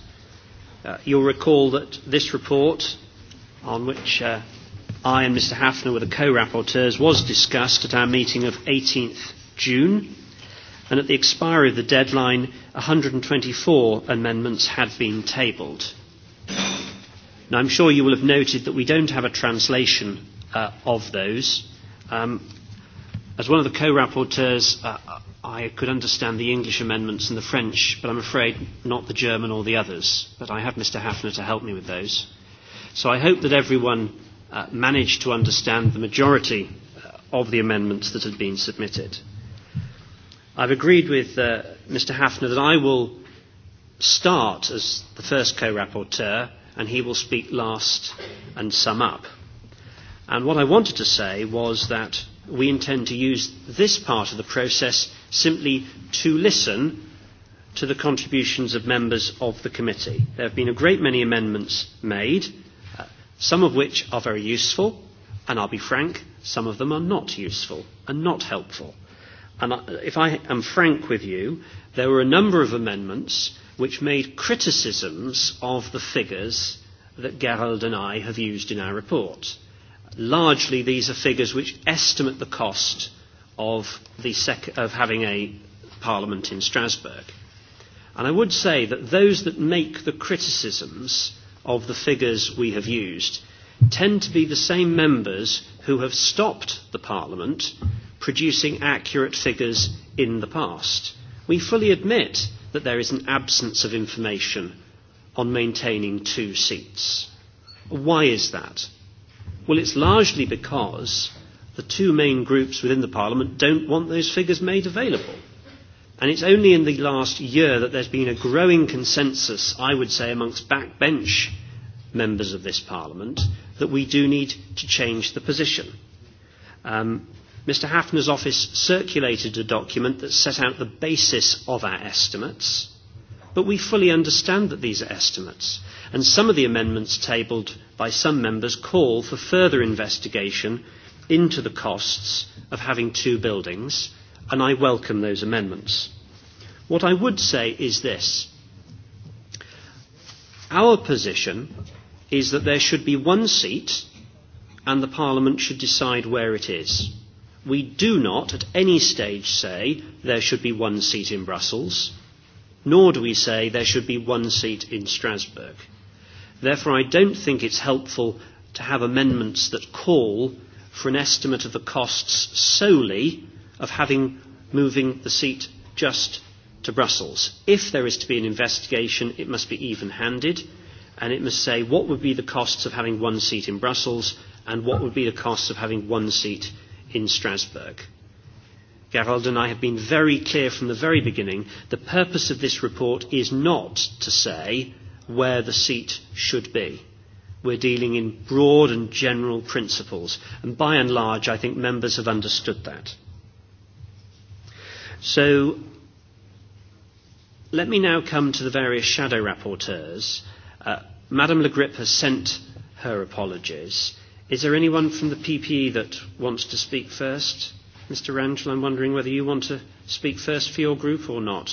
Uh, you'll recall that this report, on which uh, I and Mr. Hafner were the co-rapporteurs, was discussed at our meeting of 18th June, and at the expiry of the deadline, 124 amendments had been tabled. Now, I'm sure you will have noted that we don't have a translation uh, of those. Um, as one of the co-rapporteurs, uh, I could understand the English amendments and the French, but I'm afraid not the German or the others. But I have Mr. Hafner to help me with those. So I hope that everyone uh, managed to understand the majority uh, of the amendments that had been submitted. I've agreed with uh, Mr. Hafner that I will start as the first co-rapporteur and he will speak last and sum up. And what I wanted to say was that we intend to use this part of the process simply to listen to the contributions of members of the committee. There have been a great many amendments made, uh, some of which are very useful, and I'll be frank, some of them are not useful and not helpful. And if I am frank with you, there were a number of amendments which made criticisms of the figures that Gerald and I have used in our report. Largely, these are figures which estimate the cost of, the sec- of having a parliament in Strasbourg. And I would say that those that make the criticisms of the figures we have used tend to be the same members who have stopped the Parliament producing accurate figures in the past we fully admit that there is an absence of information on maintaining two seats. Why is that? Well, it's largely because the two main groups within the Parliament don't want those figures made available. And it's only in the last year that there's been a growing consensus, I would say, amongst backbench members of this Parliament that we do need to change the position. Um, Mr. Hafner's office circulated a document that set out the basis of our estimates, but we fully understand that these are estimates, and some of the amendments tabled by some members call for further investigation into the costs of having two buildings, and I welcome those amendments. What I would say is this. Our position is that there should be one seat and the Parliament should decide where it is we do not at any stage say there should be one seat in Brussels, nor do we say there should be one seat in Strasbourg. Therefore, I don't think it's helpful to have amendments that call for an estimate of the costs solely of having moving the seat just to Brussels. If there is to be an investigation, it must be even-handed, and it must say what would be the costs of having one seat in Brussels and what would be the costs of having one seat in Strasbourg. Gerald and I have been very clear from the very beginning the purpose of this report is not to say where the seat should be. We're dealing in broad and general principles, and by and large, I think members have understood that. So let me now come to the various shadow rapporteurs. Uh, Madame Le Grip has sent her apologies. Is there anyone from the PPE that wants to speak first? Mr. Rangel, I'm wondering whether you want to speak first for your group or not.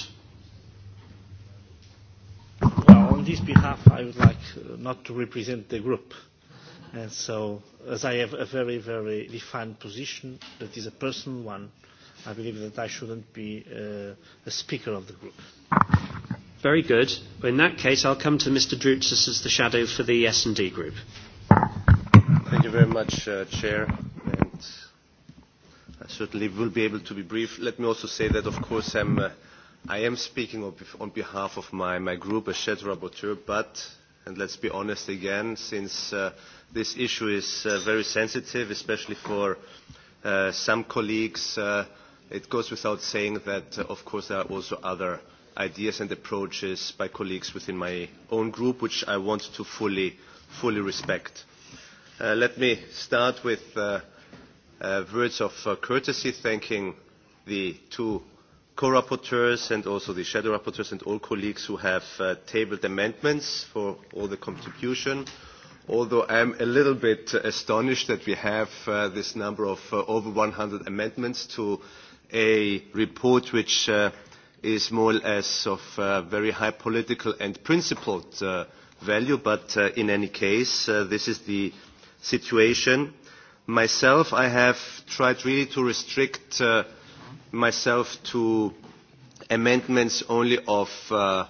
Well, on this behalf, I would like uh, not to represent the group. And so, as I have a very, very defined position that is a personal one, I believe that I shouldn't be uh, a speaker of the group. Very good. Well, in that case, I'll come to Mr. Drutzis as the shadow for the S&D group. Thank you very much, uh, Chair. And I certainly will be able to be brief. Let me also say that, of course, I'm, uh, I am speaking on behalf of my, my group as shadow rapporteur, but, and let's be honest again, since uh, this issue is uh, very sensitive, especially for uh, some colleagues, uh, it goes without saying that, uh, of course, there are also other ideas and approaches by colleagues within my own group, which I want to fully, fully respect. Uh, let me start with uh, uh, words of uh, courtesy, thanking the two co-rapporteurs and also the shadow rapporteurs and all colleagues who have uh, tabled amendments for all the contribution. Although I am a little bit uh, astonished that we have uh, this number of uh, over 100 amendments to a report which uh, is more or less of uh, very high political and principled uh, value, but uh, in any case, uh, this is the uh, situation. Myself, I have tried really to restrict uh, myself to amendments only of, uh,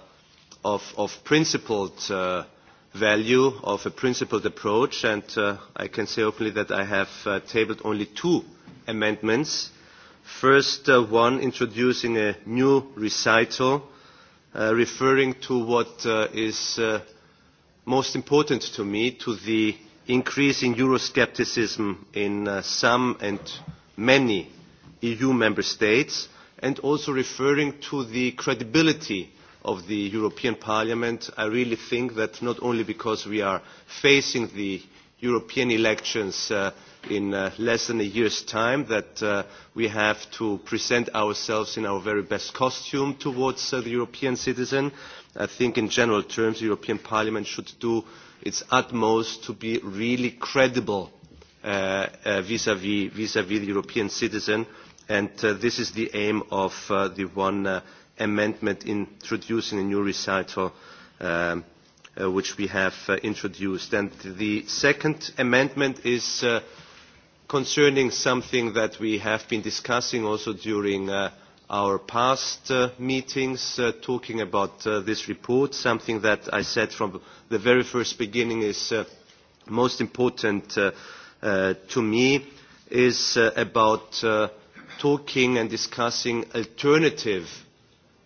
of, of principled uh, value, of a principled approach, and uh, I can say openly that I have uh, tabled only two amendments. First uh, one introducing a new recital uh, referring to what uh, is uh, most important to me, to the increasing Euroscepticism in uh, some and many EU member states and also referring to the credibility of the European Parliament, I really think that not only because we are facing the European elections uh, in uh, less than a year's time that uh, we have to present ourselves in our very best costume towards uh, the European citizen. I think in general terms the European Parliament should do uh, its utmost to be really credible vis-à-vis uh, uh, -vis, vis -vis the European citizen, and uh, this is the aim of uh, the one uh, amendment introducing a new recital um, uh, which we have uh, introduced. And the second amendment is uh, concerning something that we have been discussing also during uh, our past uh, meetings uh, talking about uh, this report, something that I said from the very first beginning is uh, most important uh, uh, to me, is uh, about uh, talking and discussing alternative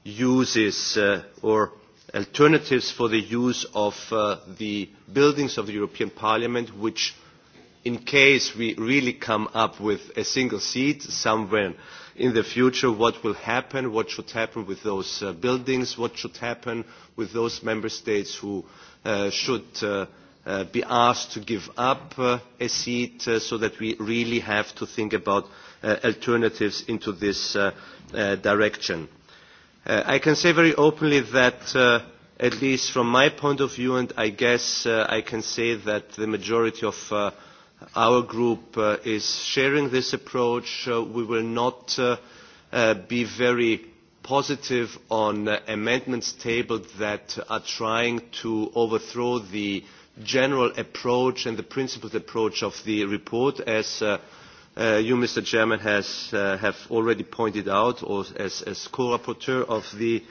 uses uh, or alternatives for the use of uh, the buildings of the European Parliament, which in case we really come up with a single seat somewhere in the future what will happen, what should happen with those uh, buildings, what should happen with those member states who uh, should uh, uh, be asked to give up uh, a seat uh, so that we really have to think about uh, alternatives into this uh, uh, direction. Uh, I can say very openly that uh, at least from my point of view, and I guess uh, I can say that the majority of uh, Our group uh, is sharing this approach. Uh, we will not uh, uh, be very positive on uh, amendments tabled that are trying to overthrow the general approach and the principled approach of the report, as uh, uh, you, Mr. Chairman, has, uh, have already pointed out, or as, as co-rapporteur of the,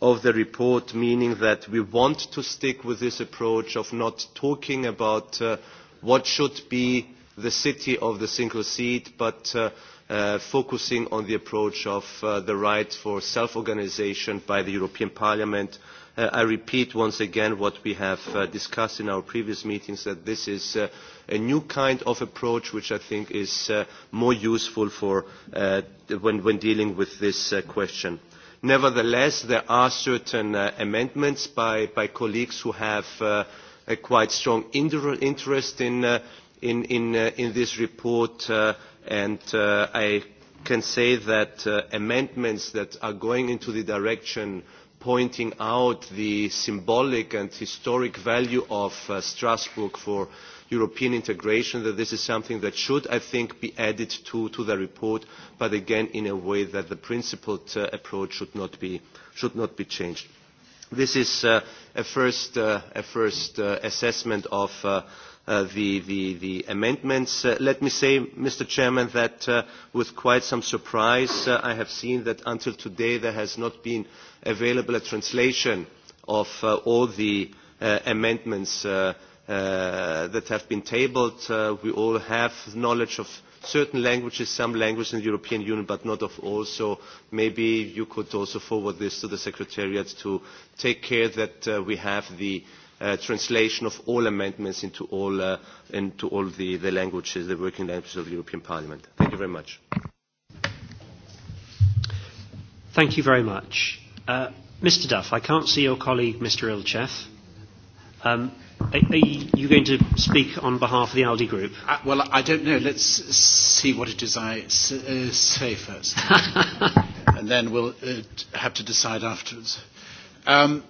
of the report, meaning that we want to stick with this approach of not talking about uh, what should be the city of the single seat, but uh, uh, focusing on the approach of uh, the right for self-organization by the European Parliament. Uh, I repeat once again what we have uh, discussed in our previous meetings, that this is uh, a new kind of approach which I think is uh, more useful for, uh, when, when dealing with this uh, question. Nevertheless, there are certain uh, amendments by, by colleagues who have uh, a quite strong interest in, uh, in, in, uh, in this report uh, and uh, I can say that uh, amendments that are going into the direction pointing out the symbolic and historic value of uh, Strasbourg for European integration, that this is something that should, I think, be added to, to the report, but again in a way that the principled uh, approach should not be, should not be changed. This is uh, a first, uh, a first uh, assessment of uh, uh, the, the, the amendments. Uh, let me say, Mr. Chairman, that uh, with quite some surprise, uh, I have seen that until today there has not been available a translation of uh, all the uh, amendments uh, uh, that have been tabled. Uh, we all have knowledge of certain languages, some languages in the European Union, but not of all. So maybe you could also forward this to the Secretariat to take care that uh, we have the uh, translation of all amendments into all, uh, into all the, the languages, the working languages of the European Parliament. Thank you very much. Thank you very much. Uh, Mr. Duff, I can't see your colleague, Mr. Ilchev. Um, Are, are you going to speak on behalf of the ALDE group? Uh, well, I don't know. Let's see what it is I s- uh, say first. and then we'll uh, have to decide afterwards. Um,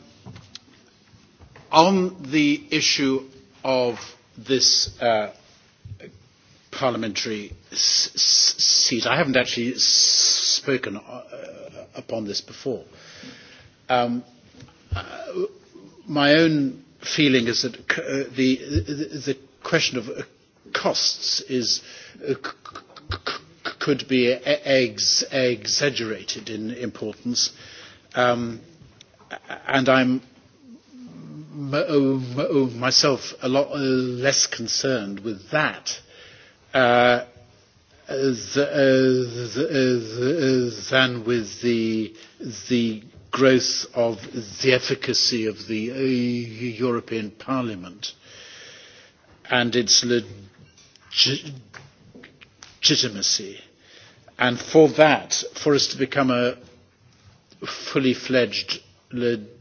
on the issue of this uh, parliamentary s- s- seat, I haven't actually s- spoken uh, upon this before. Um, uh, my own feeling is that uh, the, the question of uh, costs is, uh, could be e, ex exaggerated in importance. Um, and I'm myself a lot uh, less concerned with that uh, uh than with the, the growth of the efficacy of the uh, European Parliament and its legitimacy. And for that, for us to become a fully fledged legitimate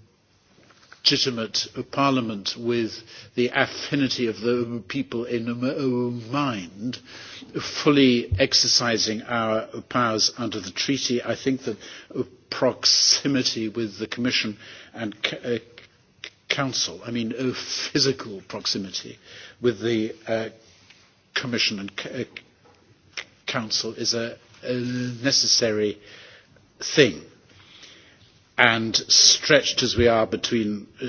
legitimate parliament with the affinity of the people in mind, fully exercising our powers under the treaty. I think that proximity with the Commission and uh, Council, I mean uh, physical proximity with the uh, Commission and Council is a necessary thing and stretched as we are between uh,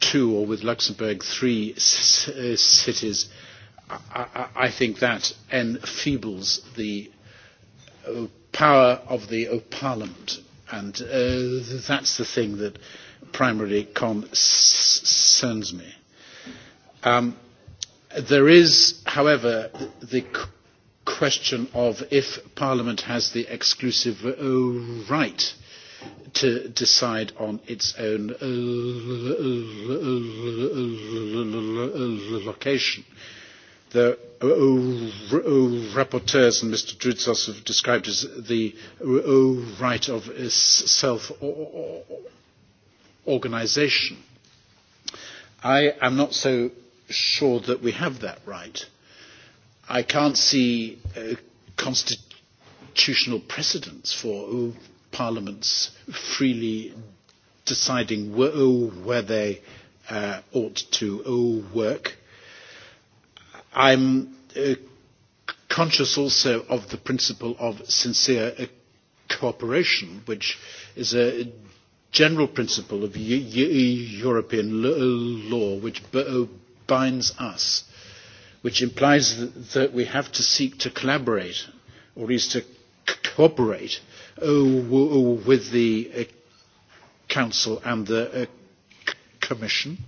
two or with Luxembourg three uh, cities, I think that enfeebles the uh, power of the Parliament. And uh, that's the thing that primarily concerns me. Um, there is, however, the question of if Parliament has the exclusive uh, right to decide on its own location. The rapporteurs and Mr. Drutzos have described as the right of self-organization. I am not so sure that we have that right. I can't see uh, constitutional precedents for parliaments freely deciding wh oh, where they uh, ought to oh, work. I'm uh, conscious also of the principle of sincere uh, cooperation, which is a general principle of U- U- European law which b- oh, binds us, which implies that we have to seek to collaborate, or at least to cooperate, uh, Uh, uh, with the uh, Council and the Commission.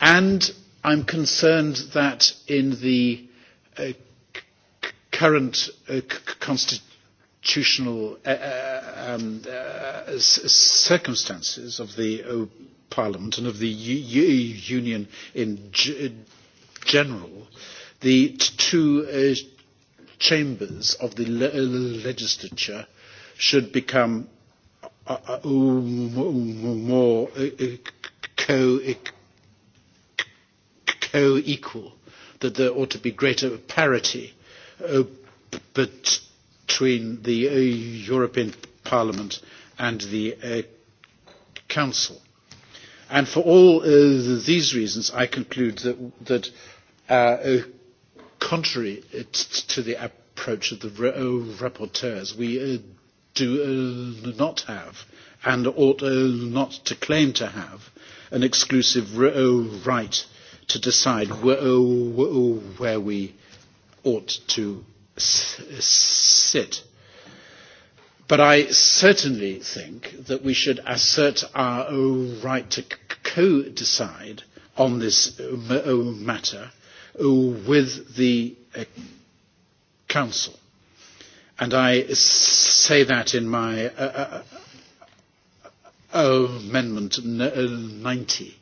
And I'm concerned that in the current constitutional circumstances of the Parliament and of the Union in general, the two chambers of the legislature should become more co-equal, that there ought to be greater parity uh, between the uh, European Parliament and the uh, Council. And for all these reasons, I conclude that, that contrary to the approach of the rapporteurs, we do uh, not have and ought uh, not to claim to have an exclusive r- uh, right to decide wh- uh, wh- uh, where we ought to s- sit. But I certainly think that we should assert our uh, right to co-decide on this uh, uh, matter with the Council. And I say that in my uh, uh, uh oh, amendment 90.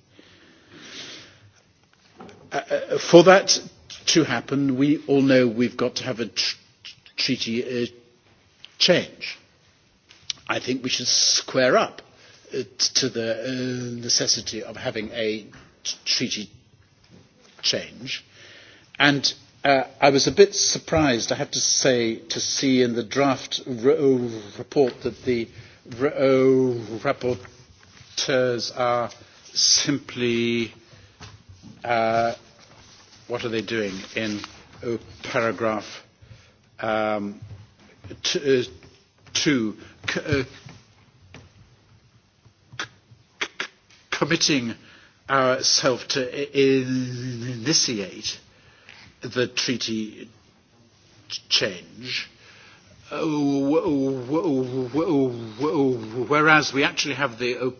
Uh, uh, uh, for that to happen, we all know we've got to have a tr treaty uh, change. I think we should square up uh, to the uh, necessity of having a treaty change. And Uh, I was a bit surprised, I have to say, to see in the draft oh, report that the oh, rapporteurs are simply, uh, what are they doing in oh, paragraph um, uh, uh, committing ourselves to initiate the treaty change, uh, whereas we actually have the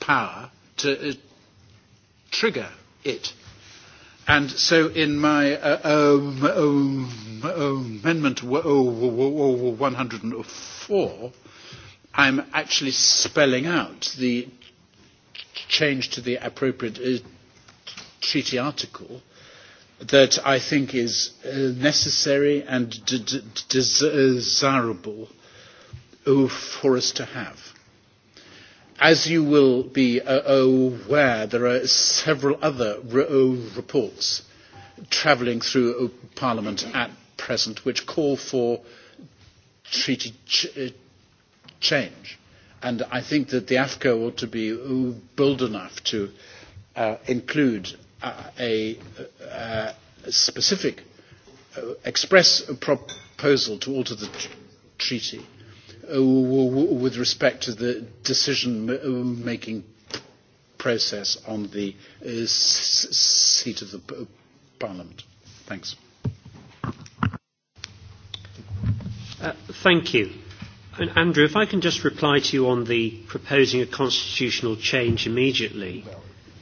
power to uh, trigger it. And so in my uh, um, um, um, amendment 104, I'm actually spelling out the change to the appropriate uh, treaty article uh, that I think is uh, necessary and de de desirable uh, for us to have. As you will be uh, aware, there are several other reports travelling through Parliament at present which call for treaty ch change. And I think that the AFCO ought to be bold enough to uh, include a, a specific uh, express proposal to alter the treaty uh, with respect to the decision-making uh, process on the seat of the Parliament. Thanks. Uh, thank you. And Andrew, if I can just reply to you on the proposing a constitutional change immediately,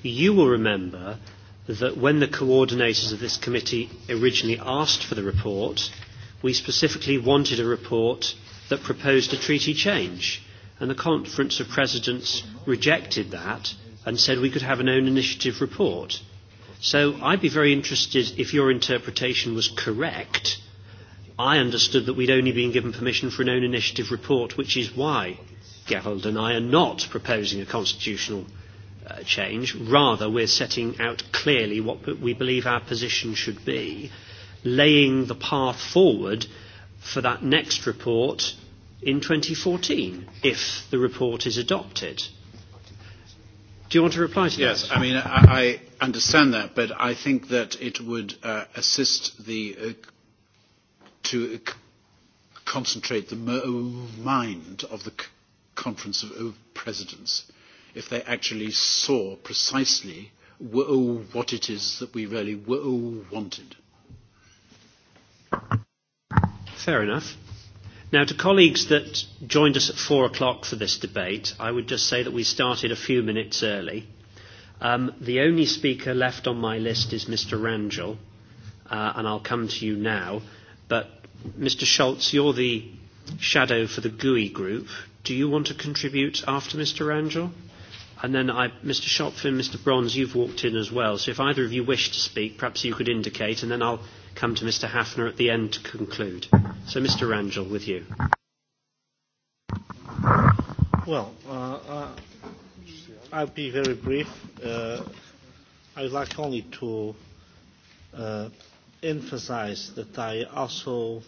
you will remember that when the coordinators of this committee originally asked for the report, we specifically wanted a report that proposed a treaty change. And the Conference of Presidents rejected that and said we could have an own initiative report. So I'd be very interested if your interpretation was correct. I understood that we'd only been given permission for an own initiative report, which is why Gerald and I are not proposing a constitutional report uh, change. Rather, we're setting out clearly what we believe our position should be, laying the path forward for that next report in 2014, if the report is adopted. Do you want to reply to yes, that? Yes, I mean, I, I understand that, but I think that it would uh, assist the uh, to uh, concentrate the mind of the Conference of Presidents uh, if they actually saw precisely what it is that we really wanted. Fair enough. Now, to colleagues that joined us at four o'clock for this debate, I would just say that we started a few minutes early. Um, the only speaker left on my list is Mr. Rangel, uh, and I'll come to you now. But, Mr. Schultz, you're the shadow for the GUI group. Do you want to contribute after Mr. Rangel? And then I, Mr. Shopfin, Mr. Bronze, you've walked in as well. So if either of you wish to speak, perhaps you could indicate, and then I'll come to Mr. Hafner at the end to conclude. So, Mr. Rangel, with you. Well, uh, uh, I'll be very brief. Uh, I'd like only to uh, emphasize that I also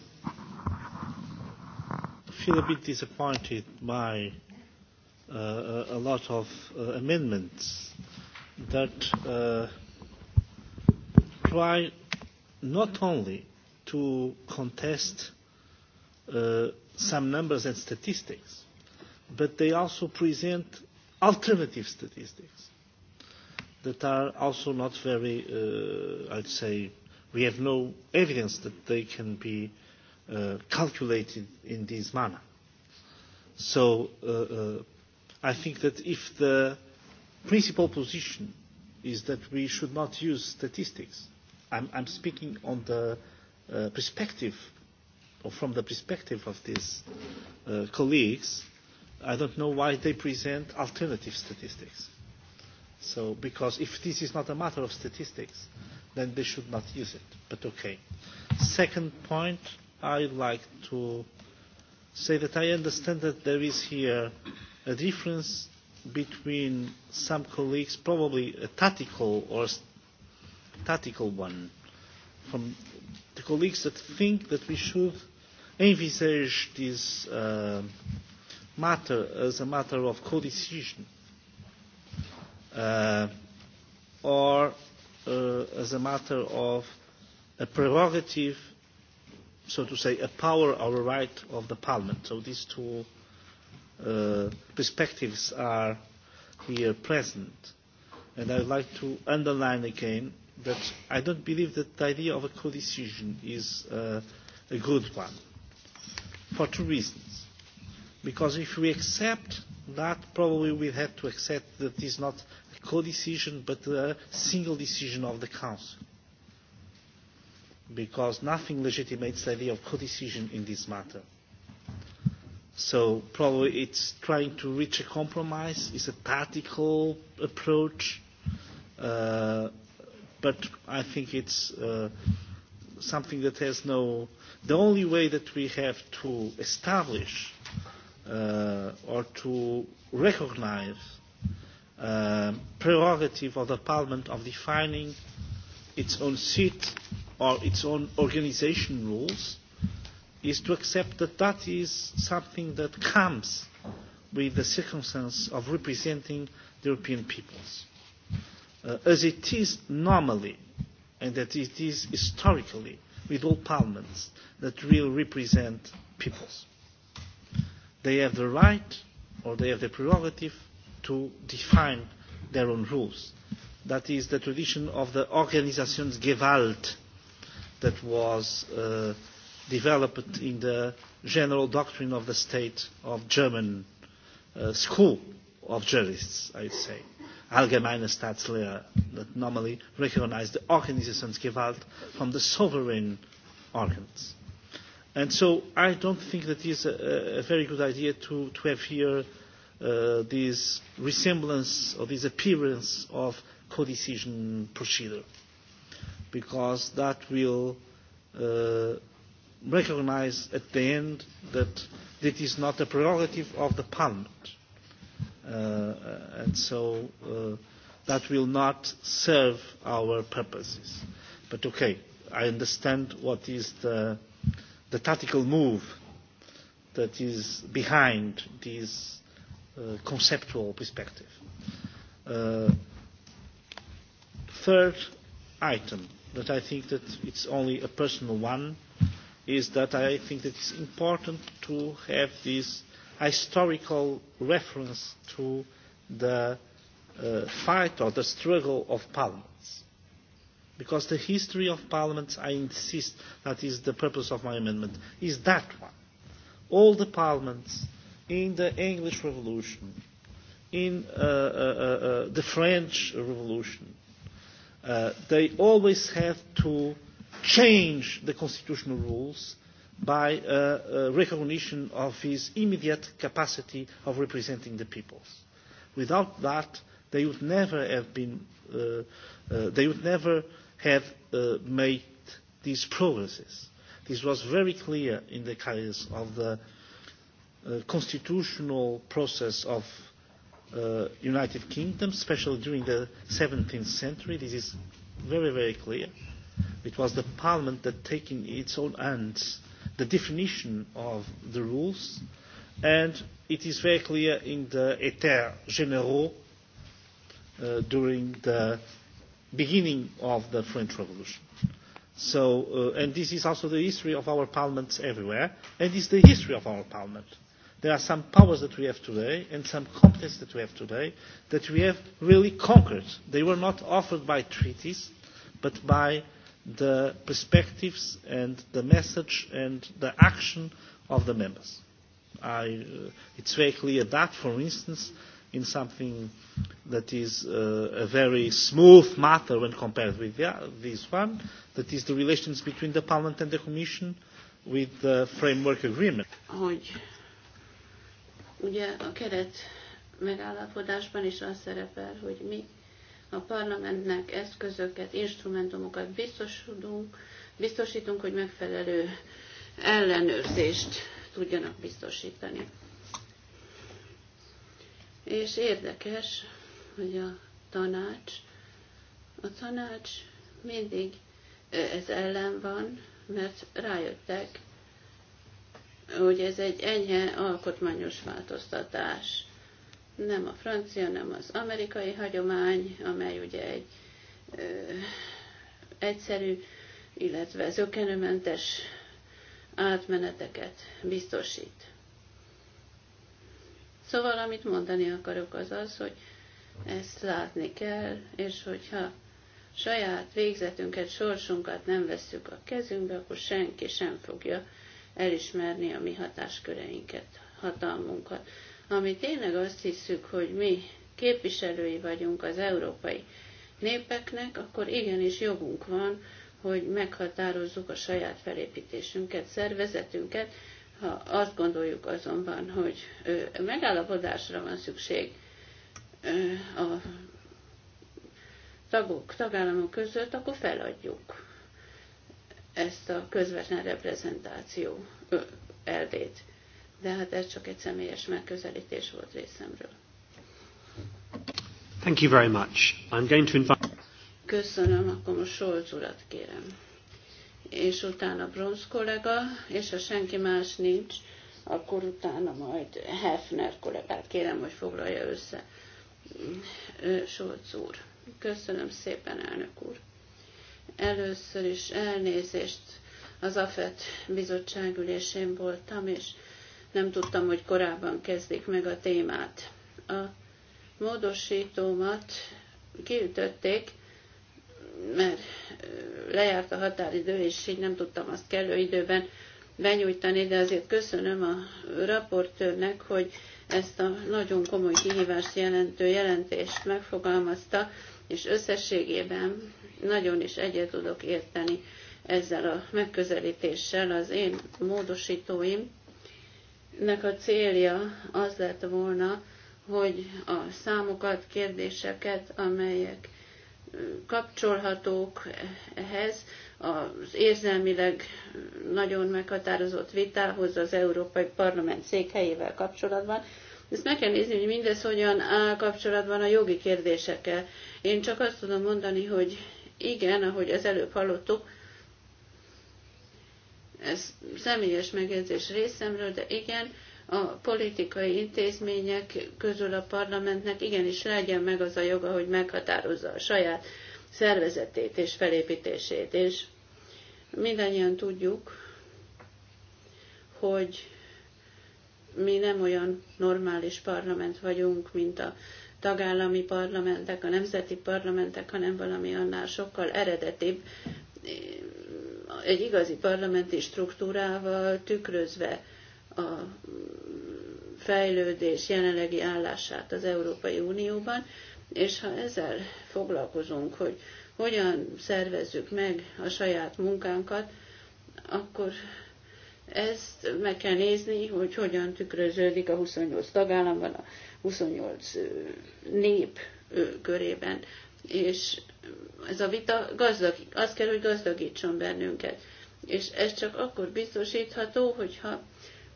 feel a bit disappointed by uh, a lot of uh, amendments that uh, try not only to contest uh, some numbers and statistics, but they also present alternative statistics that are also not very, uh, I'd say, we have no evidence that they can be uh, calculated in this manner. So uh, uh, I think that if the principal position is that we should not use statistics, I'm, I'm speaking on the uh, perspective, or from the perspective of these uh, colleagues, I don't know why they present alternative statistics. So, because if this is not a matter of statistics, then they should not use it. But okay. Second point, I'd like to say that I understand that there is here a difference between some colleagues, probably a tactical or tactical one, from the colleagues that think that we should envisage this uh, matter as a matter of co-decision uh, or uh, as a matter of a prerogative, so to say, a power or a right of the parliament. So these two uh, perspectives are here present. And I would like to underline again that I don't believe that the idea of a co-decision is uh, a good one for two reasons. Because if we accept that, probably we have to accept that it is not a co-decision but a single decision of the Council. Because nothing legitimates the idea of co-decision in this matter So probably it's trying to reach a compromise. It's a tactical approach, uh, but I think it's uh, something that has no. The only way that we have to establish uh, or to recognize uh, prerogative of the Parliament of defining its own seat or its own organization rules is to accept that that is something that comes with the circumstance of representing the European peoples. Uh, as it is normally, and that it is historically, with all parliaments that will represent peoples. They have the right or they have the prerogative to define their own rules. That is the tradition of the Organisations Gewalt that was uh, developed in the general doctrine of the state of German uh, school of jurists, I'd say. Allgemeine Staatslehre, that normally recognize the Organisationsgewalt from the sovereign organs. And so I don't think that it is a, a very good idea to, to have here uh, this resemblance or this appearance of co-decision procedure, because that will uh, recognize at the end that that is not a prerogative of the Parliament. Uh, and so uh, that will not serve our purposes. But okay, I understand what is the, the tactical move that is behind this uh, conceptual perspective. Uh, third item that I think that it's only a personal one is that I think that it's important to have this historical reference to the uh, fight or the struggle of parliaments. Because the history of parliaments, I insist, that is the purpose of my amendment, is that one. All the parliaments in the English Revolution, in uh, uh, uh, uh, the French Revolution, uh, they always have to change the constitutional rules by uh, uh, recognition of his immediate capacity of representing the peoples. Without that, they would never have been, uh, uh, they would never have uh, made these progresses. This was very clear in the case of the uh, constitutional process of uh, United Kingdom, especially during the 17th century. This is very, very clear. It was the Parliament that took its own hands the definition of the rules, and it is very clear in the Eter Généraux uh, during the beginning of the French Revolution. So, uh, and this is also the history of our parliaments everywhere, and it's the history of our parliament. There are some powers that we have today and some competences that we have today that we have really conquered. They were not offered by treaties, but by the perspectives and the message and the action of the members. I, uh, it's very clear that, for instance, in something that is uh, a very smooth matter when compared with the, this one, that is the relations between the Parliament and the Commission with the framework agreement. Hogy ugye a keret megállapodásban is az szerepel, hogy mi a parlamentnek eszközöket, instrumentumokat biztosítunk, biztosítunk, hogy megfelelő ellenőrzést tudjanak biztosítani. És érdekes, hogy a tanács, a tanács mindig ez ellen van, mert rájöttek, hogy ez egy enyhe alkotmányos változtatás nem a francia, nem az amerikai hagyomány, amely ugye egy ö, egyszerű, illetve zökenőmentes átmeneteket biztosít. Szóval, amit mondani akarok, az az, hogy ezt látni kell, és hogyha saját végzetünket, sorsunkat nem vesszük a kezünkbe, akkor senki sem fogja elismerni a mi hatásköreinket, hatalmunkat ami tényleg azt hiszük, hogy mi képviselői vagyunk az európai népeknek, akkor igenis jogunk van, hogy meghatározzuk a saját felépítésünket, szervezetünket, ha azt gondoljuk azonban, hogy megállapodásra van szükség a tagok, tagállamok között, akkor feladjuk ezt a közvetlen reprezentáció eldét de hát ez csak egy személyes megközelítés volt részemről. Thank you very much. I'm going to invite... Köszönöm, akkor most Solc urat kérem. És utána Bronz kollega, és ha senki más nincs, akkor utána majd Hefner kollégát kérem, hogy foglalja össze. Solc úr. Köszönöm szépen, elnök úr. Először is elnézést az AFET bizottságülésén voltam, és nem tudtam, hogy korábban kezdik meg a témát. A módosítómat kiütötték, mert lejárt a határidő, és így nem tudtam azt kellő időben benyújtani, de azért köszönöm a raportőrnek, hogy ezt a nagyon komoly kihívást jelentő jelentést megfogalmazta, és összességében nagyon is egyet tudok érteni ezzel a megközelítéssel. Az én módosítóim nek a célja az lett volna, hogy a számokat, kérdéseket, amelyek kapcsolhatók ehhez, az érzelmileg nagyon meghatározott vitához az Európai Parlament székhelyével kapcsolatban. Ezt meg kell nézni, hogy mindez hogyan áll kapcsolatban a jogi kérdésekkel. Én csak azt tudom mondani, hogy igen, ahogy az előbb hallottuk, ez személyes megjegyzés részemről, de igen, a politikai intézmények közül a parlamentnek igenis legyen meg az a joga, hogy meghatározza a saját szervezetét és felépítését. És mindannyian tudjuk, hogy mi nem olyan normális parlament vagyunk, mint a tagállami parlamentek, a nemzeti parlamentek, hanem valami annál sokkal eredetibb, egy igazi parlamenti struktúrával tükrözve a fejlődés jelenlegi állását az Európai Unióban, és ha ezzel foglalkozunk, hogy hogyan szervezzük meg a saját munkánkat, akkor ezt meg kell nézni, hogy hogyan tükröződik a 28 tagállamban, a 28 nép körében, és ez a vita gazdag, az kell, hogy gazdagítson bennünket. És ez csak akkor biztosítható, hogyha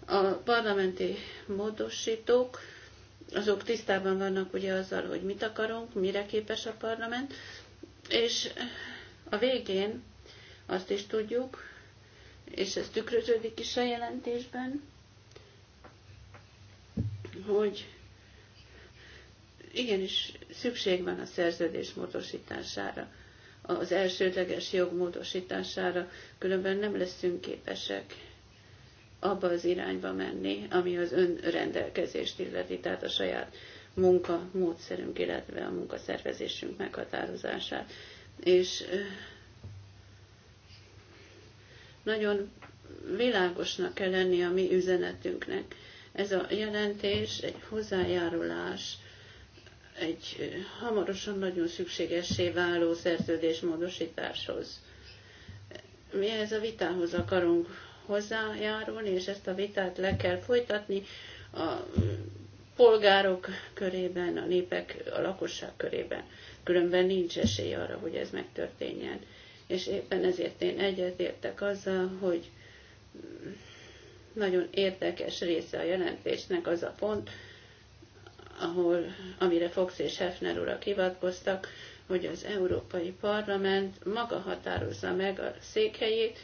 a parlamenti módosítók, azok tisztában vannak ugye azzal, hogy mit akarunk, mire képes a parlament, és a végén azt is tudjuk, és ez tükröződik is a jelentésben, hogy igenis szükség van a szerződés módosítására, az elsődleges jog módosítására, különben nem leszünk képesek abba az irányba menni, ami az önrendelkezést illeti, tehát a saját munka módszerünk, illetve a munkaszervezésünk meghatározását. És nagyon világosnak kell lenni a mi üzenetünknek. Ez a jelentés egy hozzájárulás egy hamarosan nagyon szükségessé váló szerződés Mi ez a vitához akarunk hozzájárulni, és ezt a vitát le kell folytatni a polgárok körében, a népek, a lakosság körében. Különben nincs esély arra, hogy ez megtörténjen. És éppen ezért én egyetértek azzal, hogy nagyon érdekes része a jelentésnek az a pont, ahol, amire Fox és Hefner urak hivatkoztak, hogy az Európai Parlament maga határozza meg a székhelyét,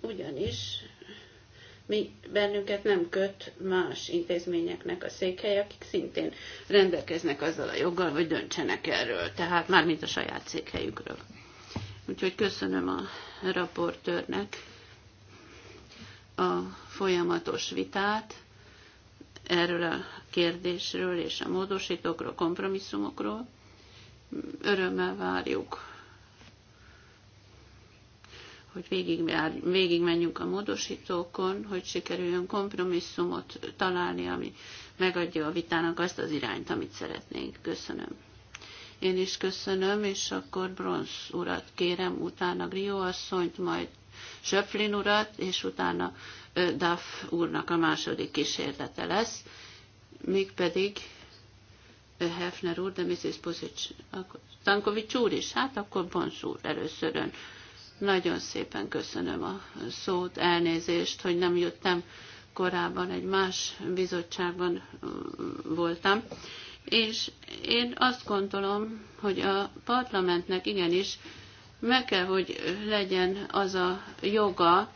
ugyanis mi bennünket nem köt más intézményeknek a székhely, akik szintén rendelkeznek azzal a joggal, hogy döntsenek erről, tehát már mint a saját székhelyükről. Úgyhogy köszönöm a raportőrnek a folyamatos vitát, erről a kérdésről és a módosítókról, kompromisszumokról. Örömmel várjuk, hogy végig, végig menjünk a módosítókon, hogy sikerüljön kompromisszumot találni, ami megadja a vitának azt az irányt, amit szeretnénk. Köszönöm. Én is köszönöm, és akkor Bronz urat kérem, utána Grió asszonyt, majd Söflin urat, és utána Duff úrnak a második kísérlete lesz, mégpedig Hefner úr, de Mrs. Pusic, akkor Stankovics úr is, hát akkor bonjour először ön. Nagyon szépen köszönöm a szót, elnézést, hogy nem jöttem korábban, egy más bizottságban voltam. És én azt gondolom, hogy a parlamentnek igenis meg kell, hogy legyen az a joga,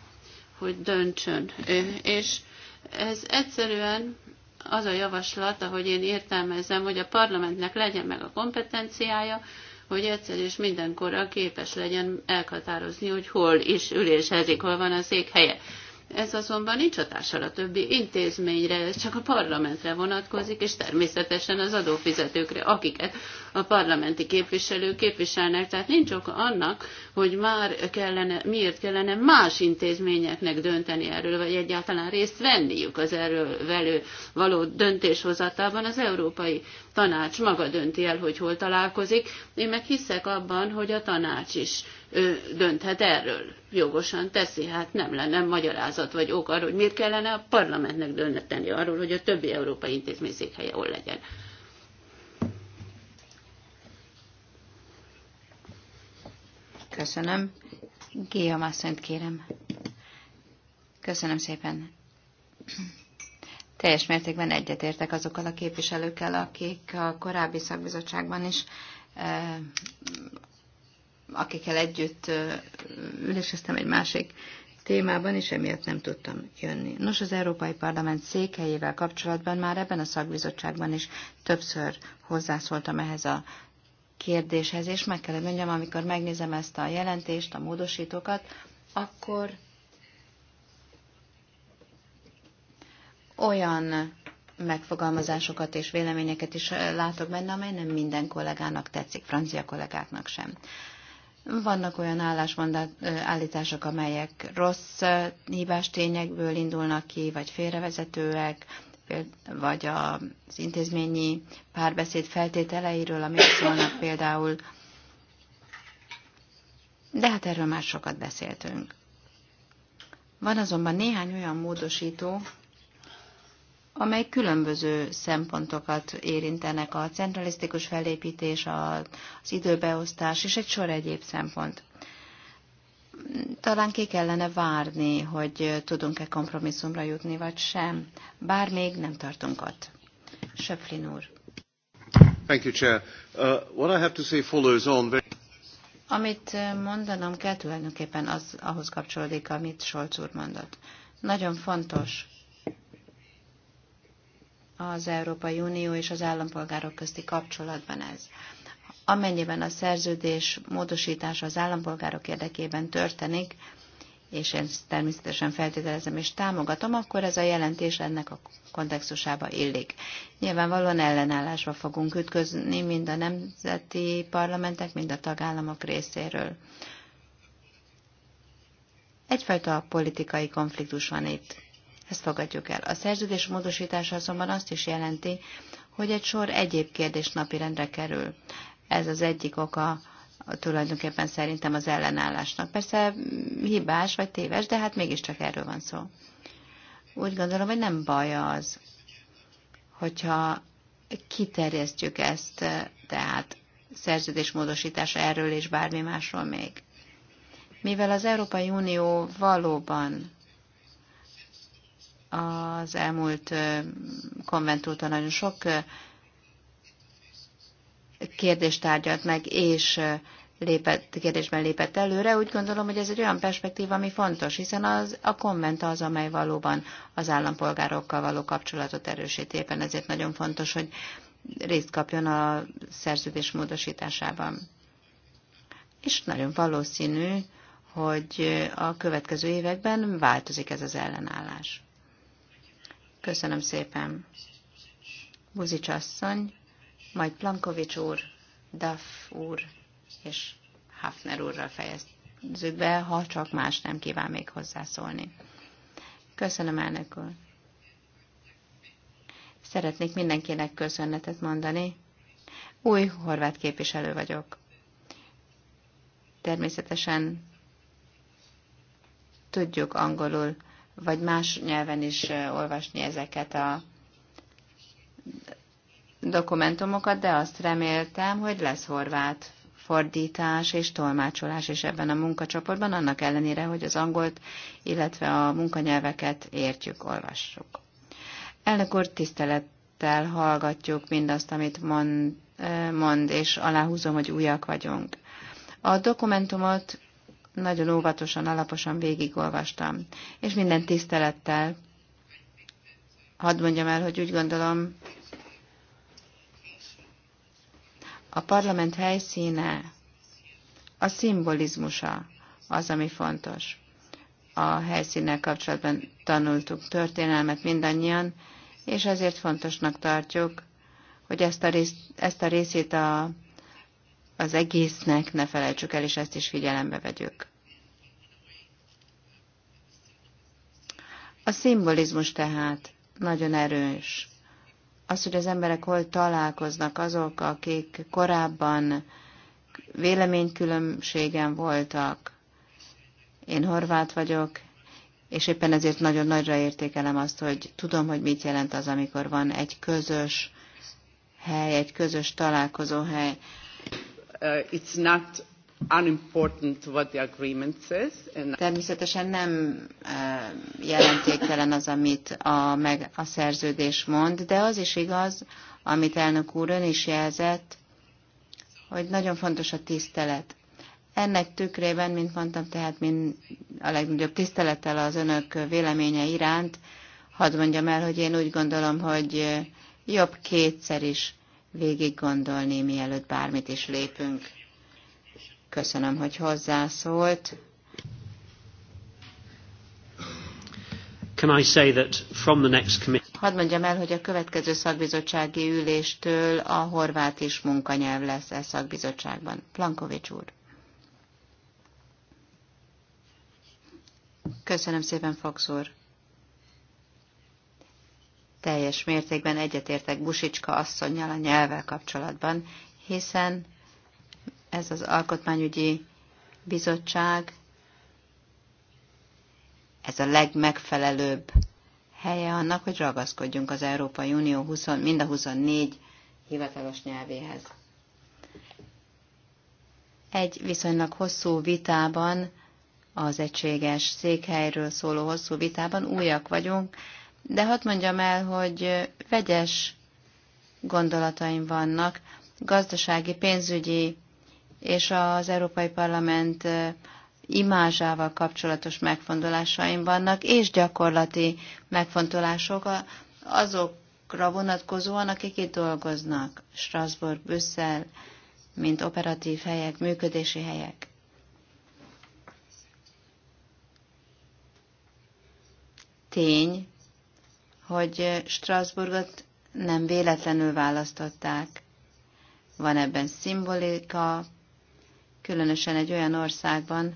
hogy döntsön. És ez egyszerűen az a javaslat, ahogy én értelmezem, hogy a parlamentnek legyen meg a kompetenciája, hogy egyszer és mindenkorra képes legyen elhatározni, hogy hol is ülésezik, hol van a helye. Ez azonban nincs hatással a többi intézményre, ez csak a parlamentre vonatkozik, és természetesen az adófizetőkre, akiket a parlamenti képviselők képviselnek, tehát nincs oka annak, hogy már kellene, miért kellene más intézményeknek dönteni erről, vagy egyáltalán részt venniük az erről velő való döntéshozatában. Az Európai Tanács maga dönti el, hogy hol találkozik. Én meg hiszek abban, hogy a tanács is ő dönthet erről. Jogosan teszi, hát nem lenne magyarázat vagy ok arról, hogy miért kellene a parlamentnek dönteni arról, hogy a többi európai intézmény székhelye hol legyen. Köszönöm. Géja Mászönt kérem. Köszönöm szépen. Teljes mértékben egyetértek azokkal a képviselőkkel, akik a korábbi szakbizottságban is, eh, akikkel együtt eh, üléseztem egy másik témában, és emiatt nem tudtam jönni. Nos, az Európai Parlament székhelyével kapcsolatban már ebben a szakbizottságban is többször hozzászóltam ehhez a kérdéshez, és meg kell mondjam, amikor megnézem ezt a jelentést, a módosítókat, akkor olyan megfogalmazásokat és véleményeket is látok benne, amely nem minden kollégának tetszik, francia kollégáknak sem. Vannak olyan állítások, amelyek rossz hibás tényekből indulnak ki, vagy félrevezetőek, vagy az intézményi párbeszéd feltételeiről, amit szólnak például. De hát erről már sokat beszéltünk. Van azonban néhány olyan módosító, amely különböző szempontokat érintenek, a centralisztikus felépítés, az időbeosztás és egy sor egyéb szempont talán ki kellene várni, hogy tudunk-e kompromisszumra jutni, vagy sem. Bár még nem tartunk ott. Söpflin úr. Thank you, Chair. Uh, what I have to say follows on. Amit uh, mondanom kell tulajdonképpen az, ahhoz kapcsolódik, amit Solc úr mondott. Nagyon fontos az Európai Unió és az állampolgárok közti kapcsolatban ez amennyiben a szerződés módosítása az állampolgárok érdekében történik, és én természetesen feltételezem és támogatom, akkor ez a jelentés ennek a kontextusába illik. Nyilvánvalóan ellenállásba fogunk ütközni mind a nemzeti parlamentek, mind a tagállamok részéről. Egyfajta politikai konfliktus van itt. Ezt fogadjuk el. A szerződés módosítása azonban azt is jelenti, hogy egy sor egyéb kérdés napirendre kerül. Ez az egyik oka tulajdonképpen szerintem az ellenállásnak. Persze hibás vagy téves, de hát mégiscsak erről van szó. Úgy gondolom, hogy nem baj az, hogyha kiterjesztjük ezt, tehát szerződés erről és bármi másról még. Mivel az Európai Unió valóban az elmúlt konventúton nagyon sok kérdést tárgyalt meg, és lépett, kérdésben lépett előre, úgy gondolom, hogy ez egy olyan perspektíva, ami fontos, hiszen az, a komment az, amely valóban az állampolgárokkal való kapcsolatot erősít. Éppen ezért nagyon fontos, hogy részt kapjon a szerződés módosításában. És nagyon valószínű, hogy a következő években változik ez az ellenállás. Köszönöm szépen. Buzics asszony majd Plankovics úr, Duff úr és Hafner úrral fejezzük be, ha csak más nem kíván még hozzászólni. Köszönöm, elnök úr. Szeretnék mindenkinek köszönetet mondani. Új horvát képviselő vagyok. Természetesen tudjuk angolul, vagy más nyelven is olvasni ezeket a dokumentumokat, de azt reméltem, hogy lesz horvát fordítás és tolmácsolás is ebben a munkacsoportban, annak ellenére, hogy az angolt, illetve a munkanyelveket értjük, olvassuk. Elnök úr, tisztelettel hallgatjuk mindazt, amit mond, eh, mond, és aláhúzom, hogy újak vagyunk. A dokumentumot nagyon óvatosan, alaposan végigolvastam, és minden tisztelettel hadd mondjam el, hogy úgy gondolom, a parlament helyszíne, a szimbolizmusa az, ami fontos. A helyszínnel kapcsolatban tanultuk történelmet mindannyian, és ezért fontosnak tartjuk, hogy ezt a, rész, ezt a részét a, az egésznek ne felejtsük el, és ezt is figyelembe vegyük. A szimbolizmus tehát nagyon erős az, hogy az emberek hol találkoznak azok, akik korábban véleménykülönbségen voltak. Én horvát vagyok, és éppen ezért nagyon nagyra értékelem azt, hogy tudom, hogy mit jelent az, amikor van egy közös hely, egy közös találkozóhely. Uh, it's not Természetesen nem eh, jelentéktelen az, amit a, meg a szerződés mond, de az is igaz, amit elnök úr ön is jelzett, hogy nagyon fontos a tisztelet. Ennek tükrében, mint mondtam, tehát mint a legnagyobb tisztelettel az önök véleménye iránt, hadd mondjam el, hogy én úgy gondolom, hogy eh, jobb kétszer is végig gondolni, mielőtt bármit is lépünk. Köszönöm, hogy hozzászólt. Can I say that from the next committee... Hadd mondjam el, hogy a következő szakbizottsági üléstől a horvát is munkanyelv lesz e szakbizottságban. Plankovics úr. Köszönöm szépen, Fox úr. Teljes mértékben egyetértek Busicska asszonynal a nyelvvel kapcsolatban, hiszen ez az Alkotmányügyi Bizottság, ez a legmegfelelőbb helye annak, hogy ragaszkodjunk az Európai Unió 20, mind a 24 hivatalos nyelvéhez. Egy viszonylag hosszú vitában, az egységes székhelyről szóló hosszú vitában újak vagyunk, de hadd mondjam el, hogy vegyes gondolataim vannak, gazdasági, pénzügyi és az Európai Parlament imázsával kapcsolatos megfontolásaim vannak, és gyakorlati megfontolások azokra vonatkozóan, akik itt dolgoznak, Strasbourg, Brüsszel, mint operatív helyek, működési helyek. Tény, hogy Strasbourgot nem véletlenül választották. Van ebben szimbolika, különösen egy olyan országban,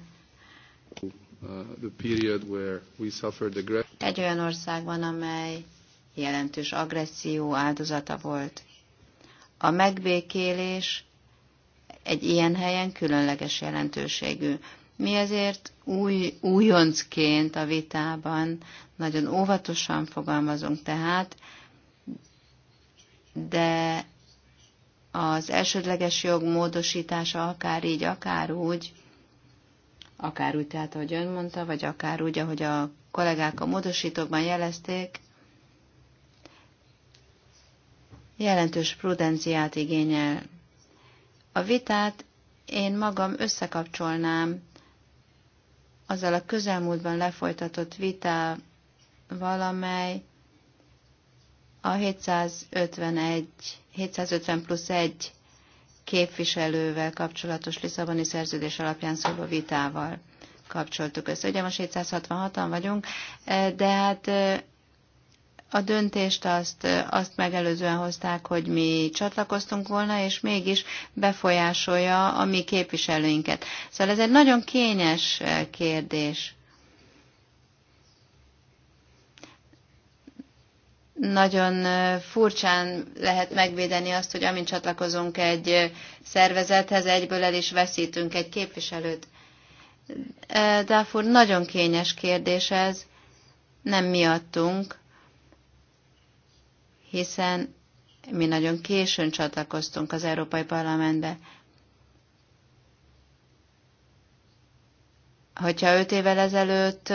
uh, egy olyan országban, amely jelentős agresszió áldozata volt. A megbékélés egy ilyen helyen különleges jelentőségű. Mi ezért új, újoncként a vitában nagyon óvatosan fogalmazunk tehát, de az elsődleges jog módosítása akár így, akár úgy, akár úgy, tehát ahogy ön mondta, vagy akár úgy, ahogy a kollégák a módosítókban jelezték, jelentős prudenciát igényel. A vitát én magam összekapcsolnám azzal a közelmúltban lefolytatott vitával, valamely a 751, 750 plusz 1 képviselővel kapcsolatos Lisszaboni szerződés alapján szóló vitával kapcsoltuk össze. Ugye most 766-an vagyunk, e, de hát e, a döntést azt, e, azt megelőzően hozták, hogy mi csatlakoztunk volna, és mégis befolyásolja a mi képviselőinket. Szóval ez egy nagyon kényes kérdés. nagyon furcsán lehet megvédeni azt, hogy amint csatlakozunk egy szervezethez, egyből el is veszítünk egy képviselőt. Dáfur, nagyon kényes kérdés ez, nem miattunk, hiszen mi nagyon későn csatlakoztunk az Európai Parlamentbe. Hogyha öt évvel ezelőtt